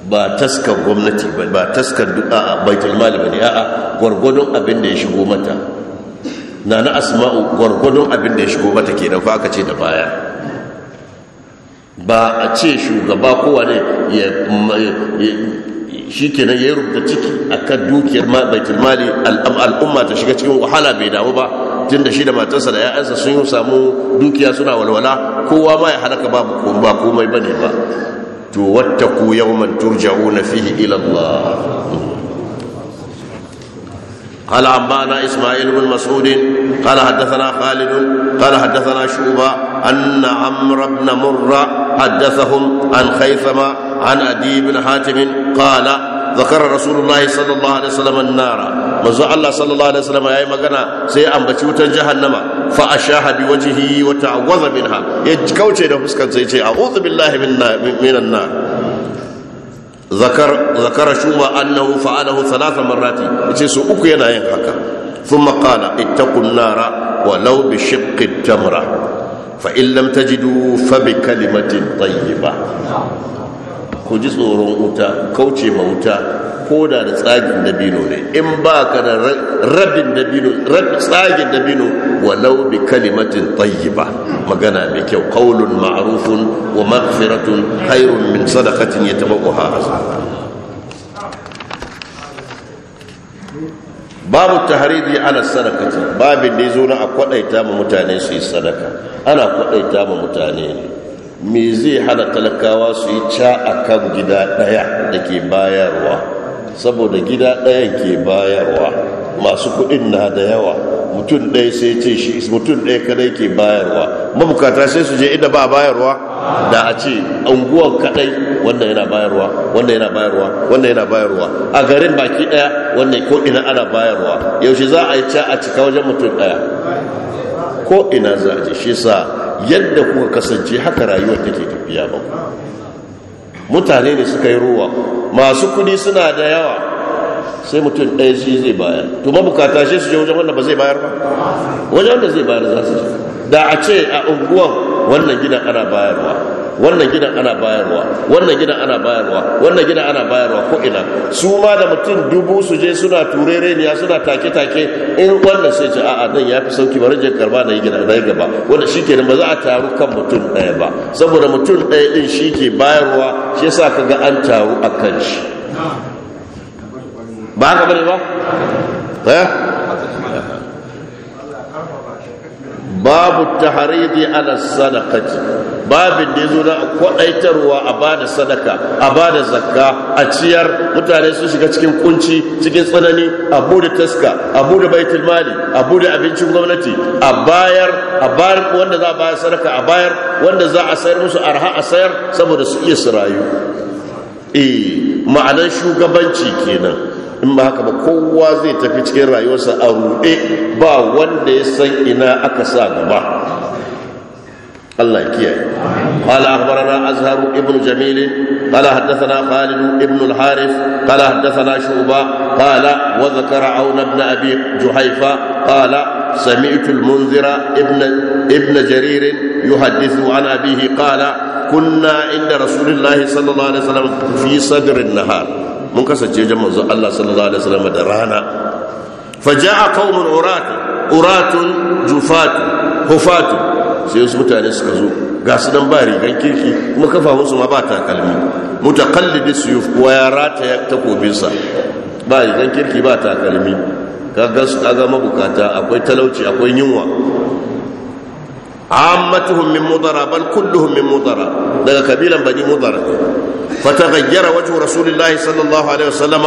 ba taskar gwamnati ba taskar du'a a baitul mali ba ne a'a gwargwadon abin da ya shigo mata na na asma'u gwargwadon abin da ya shigo mata kenan fa aka ce da baya ba a ce shugaba kowane ya shi kenan ya rubuta ciki kan dukiyar baitulmali al'umma ta shiga cikin wahala bai damu ba tun da shi da matarsa da 'ya'yansa sun yi samu dukiya suna walwala kowa ma ya halaka babu ba komai ne ba to wattaku yawman turja'una fihi ila Allah قال أنبأنا إسماعيل بن مسعود قال حدثنا خالد قال حدثنا شعبة أن عمرو بن مرة حدثهم عن خيثمة عن أدي بن حاتم قال ذكر رسول الله صلى الله عليه وسلم النار manzo Allah sallallahu alaihi wasallam yayi magana sai ya ambaci wutan jahannama fa ashaha bi a wa ta'awwaza minha ya kauce da fuskar sai ce a'udhu billahi minan nar zakar shuma annahu fa'alahu thalatha marrati yace su uku yana yin haka thumma qala ittaqun nara fa ta ji tajidu fa bi kalimatin ku ji tsoron wuta kauce ma wuta koda da tsagin dabino ne in ba ka da rabin dabino tsagin dabino walau bi kalimatin ba. magana mai kyau kaulun maarufun, wa maghfiratun hairun min sadaqatin yatabaqaha azaba babu tahridi ala sadakati babin da yazo na a kwadaita ma mutane su yi sadaka ana kwadaita ma mutane me zai hana talakawa su yi ca akan gida daya dake ke bayarwa saboda gida ɗaya ke bayarwa masu kudin na da yawa mutum ɗaya sai ce shi mutum ɗaya kadai ke bayarwa mabukata sai su je inda ba bayarwa da a ce unguwar kadai wannan yana bayarwa wannan yana bayarwa wannan yana bayarwa a garin baki daya wannan ko ina ana bayarwa yaushe za a yi ta a cika wajen mutum daya ko ina za a ji shi sa yadda kuka kasance haka rayuwar take tafiya ba mutane ne suka yi ruwa masu kudi suna da yawa sai mutum ɗaya shi zai bayar to mabukata shi su je wajen wannan ba zai bayar ba wajen wanda zai bayar za su da a ce a unguwan wannan gidan ana bayarwa wannan gidan ana bayarwa wannan gidan ana bayarwa wannan gidan ana bayarwa ko ina su ma da mutum dubu su je suna turere ne suna take take in wannan sai ce a'a nan yafi sauki bari je karba na yi gida na gaba wanda shikenan ba za a taru kan mutum ɗaya ba saboda mutum ɗaya din shi ke bayarwa shi yasa kaga an taru a kan shi ba haka bane ba eh babu tahariri ala sadaqati babin da yazo da kwadaitarwa a bada sadaka a bada zakka a ciyar mutane su shiga cikin kunci cikin tsanani a bude taska a bude baitul mali a bude abincin gwamnati a bayar a bayar wanda za a bayar sadaka a bayar wanda za a sayar musu arha a sayar saboda su iya su rayu eh ma'anar shugabanci kenan in ba haka ba kowa zai tafi cikin rayuwarsa a ruɗe ba wanda ya san ina aka sa gaba الله كيا قال أخبرنا أزهر ابن جميل قال حدثنا خالد ابن الحارث قال حدثنا شعبة قال وذكر عون بن أبي جحيفة قال سمعت المنذر ابن ابن جرير يحدث عن أبيه قال كنا عند رسول الله صلى الله عليه وسلم في صدر النهار mun kasance wajen manzon Allah sallallahu alaihi wasallam da rana faja'a qaumun uratu uratun jufatu hufatu sai su mutane suka zo ga su dan ba rigan kirki kuma kafa su ma ba takalmi mutaqallidi suyuf wa ya rata ya takobinsa ba rigan kirki ba takalmi kaga su kaga mabukata akwai talauci akwai yunwa ammatuhum min mudara bal kulluhum min mudara daga kabilan bani mudara ne فتغير وجه رسول الله صلى الله عليه وسلم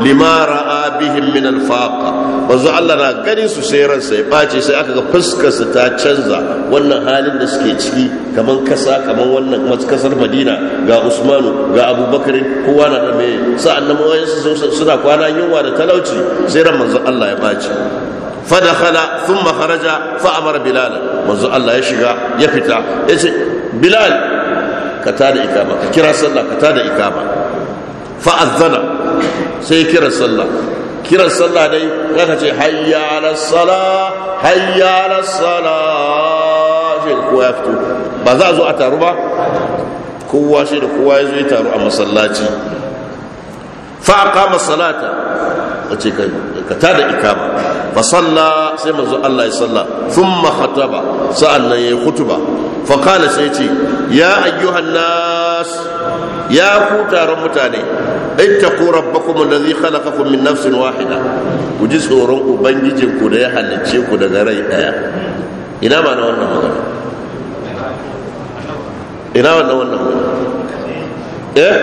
لما راى بهم من الفاقه manzo Allah na ganin su sai ransa ya ɓace sai aka ga fuskarsa ta canza wannan halin da suke ciki kaman kasa kaman wannan kasar Madina ga Usmanu ga Abubakar kowa na da me sa'an nan wayan su suna kwana yunwa da talauci sai ran manzo Allah ya ɓace fadakhala thumma kharaja fa amara bilal manzo Allah ya shiga ya fita yace bilal ka tada ikama ka kira sallah ka tada ikama fa azana sai kira sallah kiran sallah dai zaka ce hayya ala sala hayya ala sala sai ko ya fito ba za a zo a taru ba kowa shi da kowa ya zo ya taru a masallaci fa aqama salata ya ce ka tada ikama ba. salla sai Allah ya salla thumma khataba sa'annan yayi khutba fa qala sai ce ya ayyuhan nas ya ku taron mutane ittaqu rabbakum alladhi khalaqakum min nafsin wahida ku ji tsoron ubangijin ku da ya ku daga rai daya ina ma na wannan magana ina wannan wannan magana eh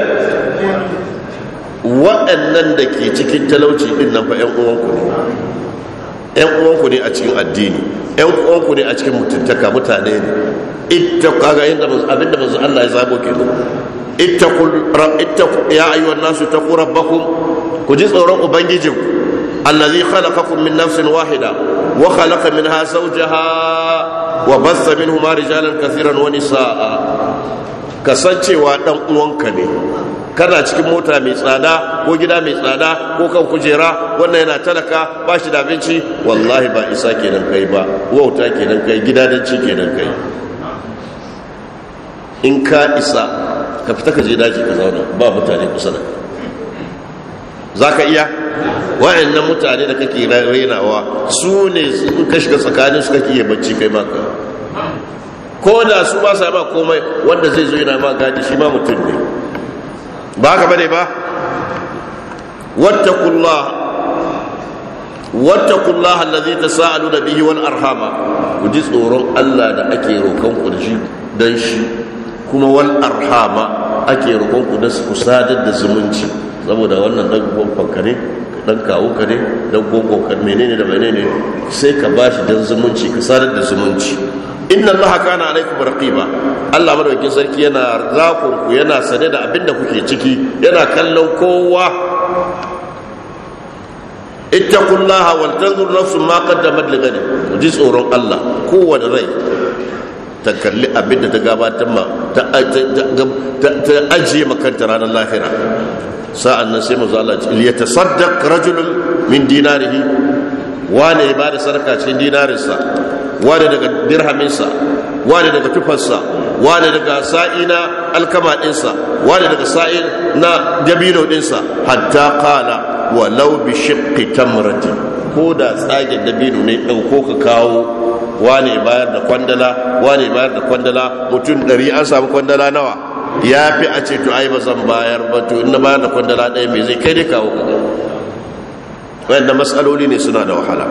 waɗannan da ke cikin talauci ɗin nan fa 'yan uwanku ne 'yan uwanku ne a cikin addini 'yan uwanku ne a cikin mutuntaka mutane ne ita kaga yadda abinda manzo Allah ya zaɓo ke zabo kenan ittaqul ittaqu ya ayyuhan nasu ta taqu rabbakum ku ji tsoron ubangijin allazi khalaqakum min nafsin wahida wa khalaqa minha zawjaha wa bassa minhuma rijalan kathiran wa nisaa kasancewa dan uwanka ne kana cikin mota mai tsada ko gida mai tsada ko kan kujera wannan yana talaka ba shi da abinci wallahi ba isa kenan kai ba wauta kenan kai ci kenan kai in ka isa ka fita ka je daji ka zauna ba mutane kusa da ka. za ka iya na mutane da kake rainawa su ne in ka shiga tsakanin su kake iya bacci kai maka ko da su ba sa ba komai wanda zai zo yana ma gadi shi ma mutum ne ba haka bane ba wattaqullah wattaqullah allazi tasaaluna bihi wal arhama ku ji tsoron Allah da ake roƙon ku dan shi kuma wal arhama ake roƙon ku da ku sadar da zumunci saboda wannan dan gwamfan ka ne dan kawo ka ne dan gongo ka menene da menene sai ka bashi dan zumunci ka sadar da zumunci inna allaha kana alaikum raqiba Allah madaukakin sarki yana zakon ku yana sane da abin da kuke ciki yana kallon kowa ittaqullaha wal tanzur nafsun ma qaddamat li ji tsoron Allah kowane rai ta kalli ta gabatar ma ta ajiye makanta ranar lahira sa'an sai mazu Allah ya tasaddaq rajulun min dinarihi wane ya bada sarka cikin dinarinsa wani daga dirhaminsa wani daga tufarsa wani daga sa'i na alkama ɗinsa wani daga sa'i na dabino ɗinsa hatta kala walau bi shiqqi tamratin ko da tsagen dabino ne ɗauko ka kawo wani bayar da kwandala wani bayar da kwandala mutum ɗari an samu kwandala nawa ya fi a ce to ai ba zan bayar ba to in na bayar da kwandala ɗaya mai zai kai ne kawo ka wayannan matsaloli ne suna da wahala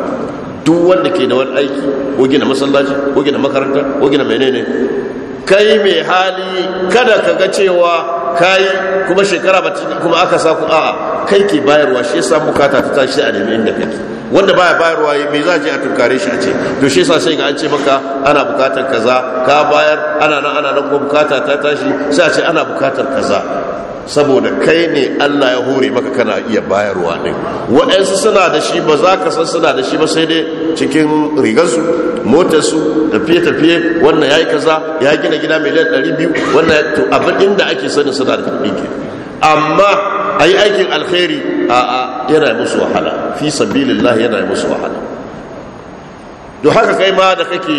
duk wanda ke da wani aiki ko gina masallaci ko gina makaranta ko gina menene kai mai hali kada ka ga cewa kai kuma shekara ba kuma aka sa ku a'a kai ke bayarwa shi yasa bukata ta tashi a nemi inda kake wanda baya bayarwa me za je a tunkare shi a ce to shi yasa sai ga an ce maka ana bukatar kaza ka bayar ana nan ana nan ko bukata ta tashi sai a ce ana bukatar kaza saboda kai ne Allah ya hore maka kana iya bayarwa ne waɗansu suna da shi ba za ka san suna da shi ba sai dai cikin rigarsu motarsu tafiye-tafiye wannan ya yi kaza ya gina gida miliyan 200 wannan to abin inda ake sani suna da kuɗi ke amma a yi aikin alkhairi a yana musu wahala fi sabilillah yana musu wahala don haka kai ma da kake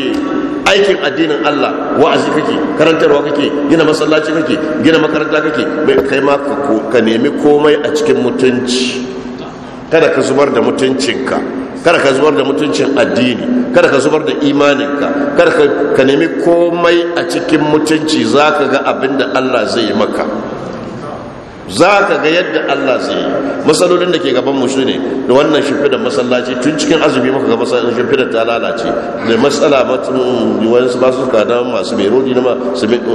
aikin addinin Allah wa'azi kake karantarwa kake gina masallaci kake gina makaranta kake bai kai ma ka nemi komai a cikin mutunci kada ka zubar da mutuncinka kada ka zubar da mutuncin addini kada ka zubar da imaninka kada ka nemi komai a cikin mutunci za ka ga abin da Allah zai yi maka za ka ga yadda Allah zai yi matsalolin da ke gaban mu shi ne da wannan shimfidar masallaci tun cikin azumi muka ga masallacin shimfidar ta lalace da matsala wani su basu kada masu mai rodi na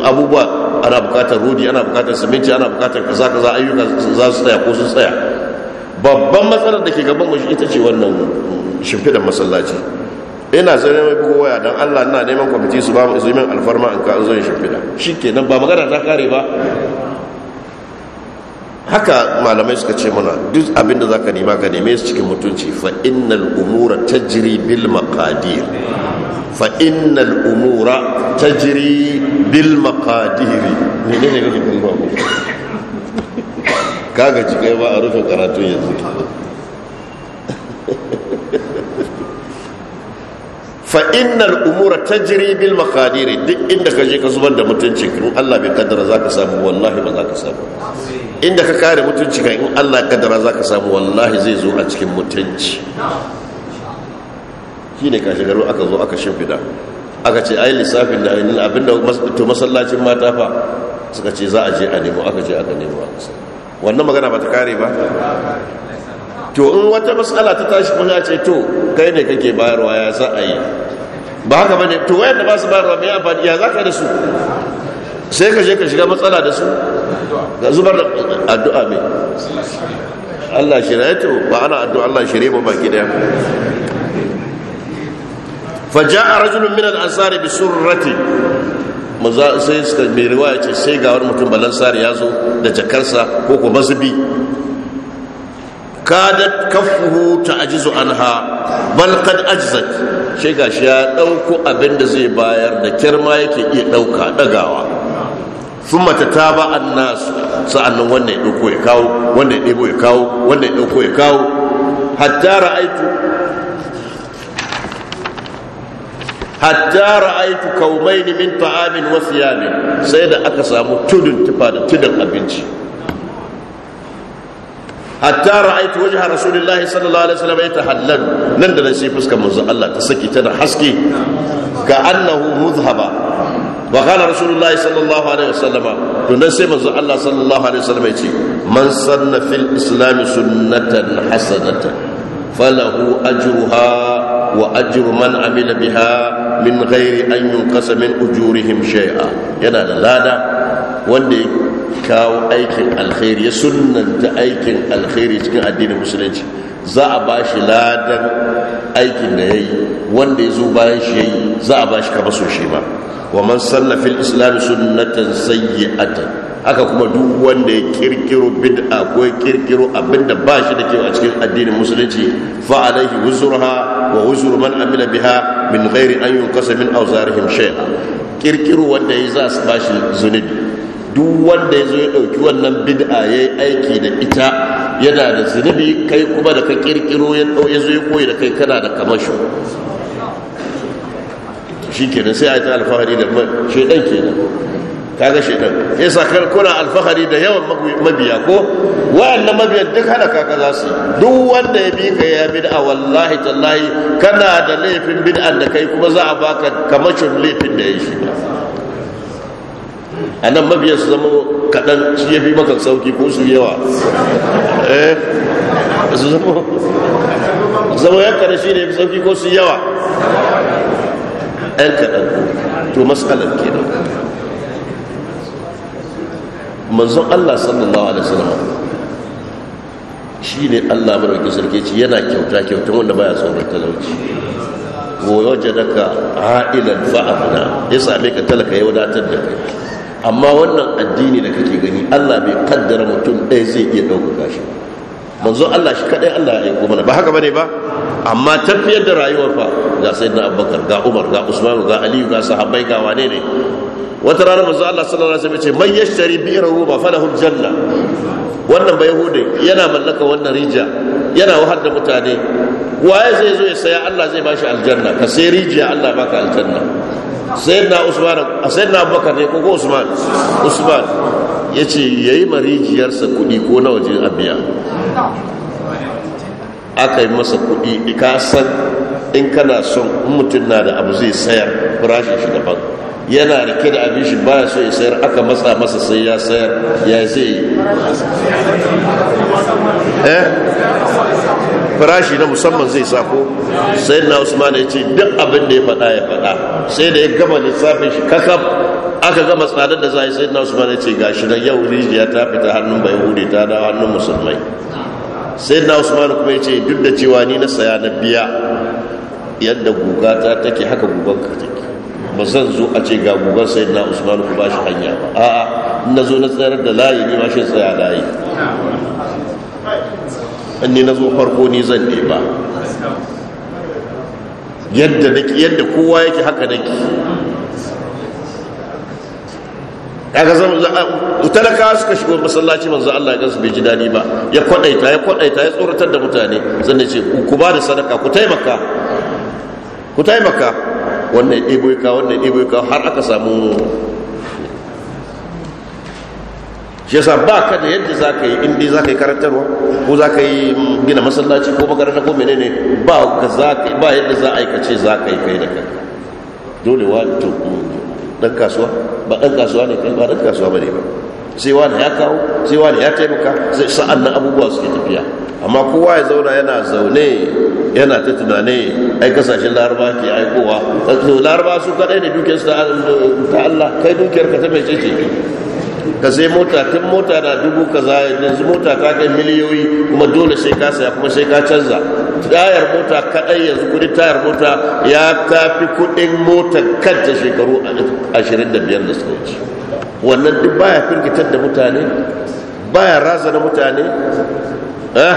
abubuwa ana bukatar rodi ana bukatar siminti ana bukatar kaza kaza ayyuka za su tsaya ko sun tsaya babban matsalar da ke gaban mu ita ce wannan shimfidar masallaci ina zane mai bugu waya don Allah ina neman kwamiti su ba mu izumin alfarma in ka an zo shimfida shikenan ba magana ta kare ba haka malamai suka ce mana duk abinda za zaka nema ka neme su cikin mutunci fa innal umura tajri bil maqadir fa innal umura tajri bil maqadir ne ne ne kun ba kaga ci kai ba a rufe karatun yanzu fa innal umura tajri bil maqadir duk inda ka je ka zubar da mutunci in Allah bai kaddara zaka samu wallahi ba zaka samu inda ka kare mutunci ka in Allah kaddara zaka samu wallahi zai zo a cikin mutunci shi ne kashe aka zo aka shimfida aka ce ai lissafin da ainihin abinda to masallacin mata fa suka ce za a je a nemo aka je aka nemo aka wannan magana ba ta kare ba to in wata matsala ta tashi kuma ce to kai ne kake bayarwa ya za a yi ba haka bane to wayanda ba su bayarwa mai amfani ya za ka da su sai ka je ka shiga matsala da su ga zubar da addu'a mai Allah shirya to ba ana addu'a Allah shirye ba baki daya a rajulun min al-ansari bi surrati maza sai suka mai riwaya ce sai ga wani mutum balansari ya zo da jakarsa ko ko mazubi kadat kaffuhu an anha bal kad ajzat shi gashi ya dauko abin da zai bayar da kirma yake iya dauka dagawa thumma tataba an-nas sa'annan wanda ya dauko ya kawo wanda ya debo ya kawo wanda ya dauko ya kawo hatta ra'aitu hatta ra'aitu kaumaini min ta'amin wa thiyamin sai da aka samu tudun tufa da tudun abinci hatta ra'aitu wajha rasulillahi sallallahu alaihi wasallam yatahallal nan da sai fuskar manzo Allah ta saki haske ka annahu muzhaba wa qala rasulullahi sallallahu alaihi wasallam to nan sai manzo Allah sallallahu alaihi wasallam yace man sanna fil islam sunnatan hasanatan falahu ajruha wa ajru man amila biha min ghairi an yunqasa min ujurihim shay'a yana da lada wanda kawo aikin alkhairi ya sunanta aikin alkhairi cikin addinin musulunci za a ba shi ladan aikin da ya yi wanda ya zo bayan shi ya yi za a ba shi kama so shi ba wa man sallafin islami sunnatan sayyi'atan haka kuma duk wanda ya kirkiro bid'a ko ya kirkiro abinda ba shi da kyau a cikin addinin musulunci fa alaihi wuzurha wa wuzur man amila biha min ghairi an kasa min awzarihim shay'a kirkiro wanda ya za su ba shi zunubi duk wanda ya zo ya ɗauki wannan bid'a ya yi aiki da ita yana da zunubi kai kuma da ka ƙirƙiro ya ɗau ya zo ya koyi da kai kana da kamashu. shi kenan sai a yi ta alfahari da shaidan kenan kaga shaidan ya sa kuna alfahari da yawan mabiya ko na mabiya duk hana kaka za su duk wanda ya bi ka ya bid'a wallahi tallahi kana da laifin bid'a da kai kuma za a baka kamashin laifin da ya shi a nan mafiya su zama kaɗan shi ya fi maka sauki ko su yawa eh su zama zama yan kaɗan shi ne ya fi sauki ko su yawa ɗan kaɗan to matsalar ke nan manzon allah sallallahu alaihi wasallam shi ne allah marauki sarki ci yana kyauta kyauta wanda baya tsoron talauci goyo jadaka ha'ilan fa'abna ya same ka talaka ya wadatar da kai amma wannan addini da kake gani Allah bai kaddara mutum ɗaya zai iya ɗaukar gashi manzo Allah shi kaɗai Allah ya aiko mana ba haka bane ba amma tafiyar da rayuwar fa ga sayyidina Abubakar ga Umar ga Usman ga Ali ga sahabbai ga wane ne wata rana manzo Allah sallallahu alaihi wasallam ya ce man yashtari bi ruba falahu janna wannan bai hude yana mallaka wannan rija yana wahar da mutane waye zai zo ya saya Allah zai bashi aljanna ka sai rijiya Allah baka aljanna sayyidina usman a sayyidina abubakar ne ko usman usman ya ce ya yi marijiyarsa kudi ko na waje a biya aka yi masa kudi ka san in kana son mutum na da abu zai sayar farashin shi daban yana rike da abin shi baya so ya sayar aka matsa masa sai ya sayar ya zai yi eh? farashi na musamman zai sako sai na usman ya ce duk abin da ya faɗa ya faɗa sai da ya gama lissafin shi kakaf aka gama tsadar da za a yi sai na usman ya ce shi da yau rijiya ta fita hannun bai hude ta dawo hannun musulmai sai na usman kuma ya ce duk da cewa ni na saya na biya yadda guga ta take haka gugan ka take ba zan zo a ce ga gugan sai na usman ku ba shi hanya ba a'a na zo na tsayar da layi ne ma shi tsaya layi in ni na zo farko ni zan ba? yadda yadda kowa yake haka nake kaga talakawa suka shigo masallaci manzo Allah ya gansu bai ji dadi ba ya kwadaita ya kwadaita ya tsoratar da mutane zan ce ku ba da sadaka ku taimaka ku taimaka wannan ibo ka wannan ibo ka har aka samu shi yasa ba ka da yadda za ka yi in dai za ka yi karantarwa ko za ka yi gina masallaci ko makaranta ko menene ba yadda za a aikace za ka yi kai da kai dole wani to dan kasuwa ba dan kasuwa ne kai ba dan kasuwa bane ba sai wani ya kawo sai wani ya taimaka sai sa'an nan abubuwa suke tafiya amma kowa ya zauna yana zaune yana ta tunane ai kasashen laraba ke aikowa laraba su kadai ne su ta Allah kai dukiyar ka ta mai ce ka sai mota tun mota na dubu kaza yanzu mota ta kai miliyoyi kuma dole sai ka saya kuma sai ka canza tayar mota kadai yanzu kudi tayar mota ya tafi kudin mota kanta shekaru 25 da suka wuce wannan duk baya firgitar da mutane baya razana mutane eh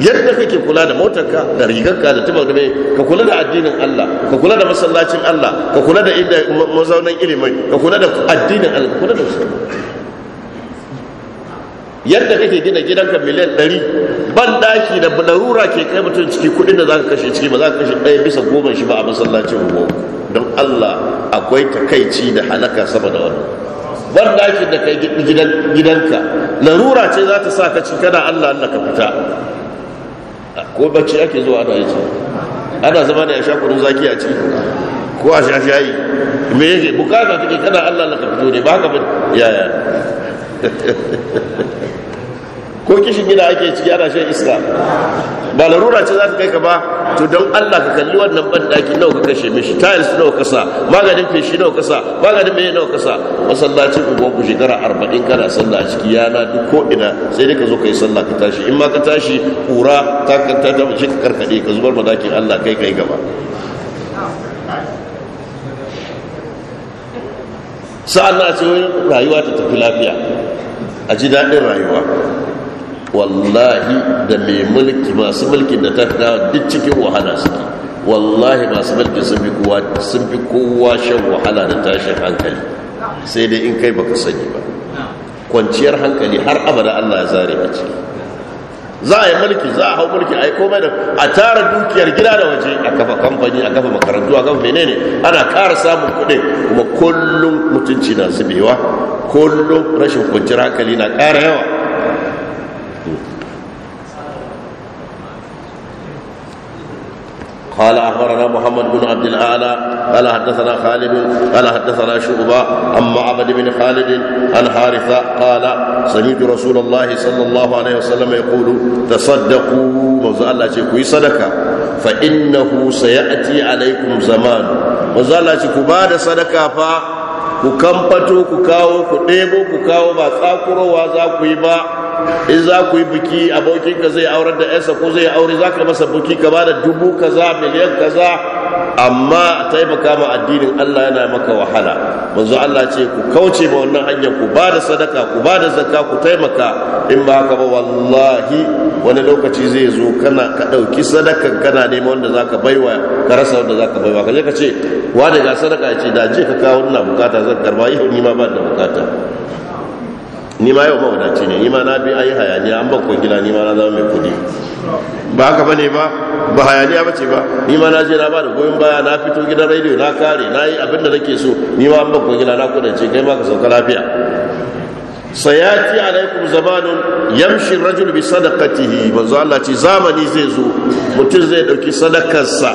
yadda kake kula da motarka da rigarka da tubar gabe ka kula da addinin Allah ka kula da masallacin Allah ka kula da inda mazaunan ilimin ka kula da addinin Allah ka kula da su yadda kake gina gidanka miliyan 100 ban daki da larura ke kai mutum ciki kudin da zaka kashe ciki ba za ka kashe ɗaya bisa goma shi ba a masallacin ruwa don Allah akwai takaici da halaka sama da wannan ban daki da kai gidanka larura ce za ta sa ka ci kana Allah Allah ka fita ko bacci ake zuwa ana yi ana zama da ya sha kudin zaki a ci ko a sha shayi me yake bukata take kana Allah na kafin ne ba haka ba yaya ko kishin gida ake ciki ana shan iska ba larura ce za ta kai ka ba to don Allah ka kalli wannan bandaki nawa ka kashe mishi tiles nawa ka sa maganin feshi nawa ka sa maganin meye nawa ka sa masallacin unguwar ku shekara arba'in kana sallah a ciki yana duk ko ina sai dai ka zo ka yi sallah ka tashi in ma ka tashi kura ta ta ka karkade ka zubar madakin Allah kai kai gaba sa'an na a ce rayuwa ta tafi lafiya a ji daɗin rayuwa wallahi da mai mulki masu mulki da talakawa duk cikin wahala suke wallahi masu mulki sun fi kowa shan wahala da tashin hankali sai dai in kai baka sani ba kwanciyar hankali har abada Allah ya zare a ciki za a yi mulki za a hau mulki a yi komai da a tara dukiyar gida da waje a kafa kamfani a kafa makarantu a kafa menene ana kara samun kuɗi kuma kullum mutunci na zubewa kullum rashin kwanciyar hankali na ƙara yawa قال اخبرنا محمد بن عبد الاعلى قال حدثنا خالد قال حدثنا شعبه عن معبد بن خالد عن حارثه قال سمعت رسول الله صلى الله عليه وسلم يقول تصدقوا موزع الله تشكوي صدقه فانه سياتي عليكم زمان موزع الله تشكوا صدقه فا ku kamfato ku kawo ku ɗebo ku kawo ba tsakurowa za ku yi ba in za ku yi biki abokinka zai aurar da yarsa ko zai aure za ka masa biki ka ba da dubu kaza miliyan kaza amma taimaka ma addinin Allah yana maka wahala manzo Allah ce ku kauce ma wannan hanyar ku ba da sadaka ku ba da zakka ku taimaka in ba haka ba wallahi wani lokaci zai zo kana ka dauki sadaka kana nema wanda zaka baiwa ka rasa wanda zaka baiwa kaje ka ce wa daga sadaka ce da je ka kawo wannan bukata zan karba yau ni ma ba da bukata ni ma yau mawadaci ne ni ma na bi ayi hayaniya an bakon gida ni ma na zama mai kudi ba haka bane ba ba hayaniya ba ce ba ni ma na je na ba da goyon baya na fito gidan rediyo na kare na yi abin da nake so ni ma an bakon gida na kudance kai ma ka sauka lafiya sayati alaikum zamanun yamshi rajul bi sadaqatihi manzo Allah ce zamani zai zo mutum zai dauki sadakarsa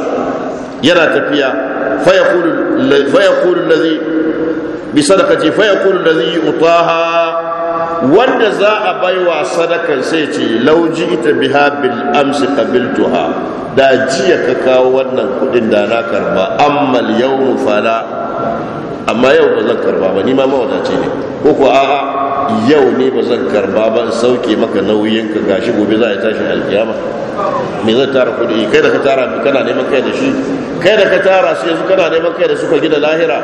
yana tafiya fa yaqulu fa yaqulu allazi bi sadaqati fa yaqulu allazi utaha wanda za a baiwa sadakan sai ce lauji ita biha bil amsi qabiltuha da jiya ka kawo wannan kudin da na karba amma yau yawmu fala amma yau ba zan karba ba ni ma mawadaci ne ko ko a'a yau ne ba zan karba ba in sauke maka nauyin ka gashi gobe za a tashi alkiyama me zai tara kudi kai da ka tara kana neman kai da shi kai da ka tara su yanzu kana neman kai da suka gina lahira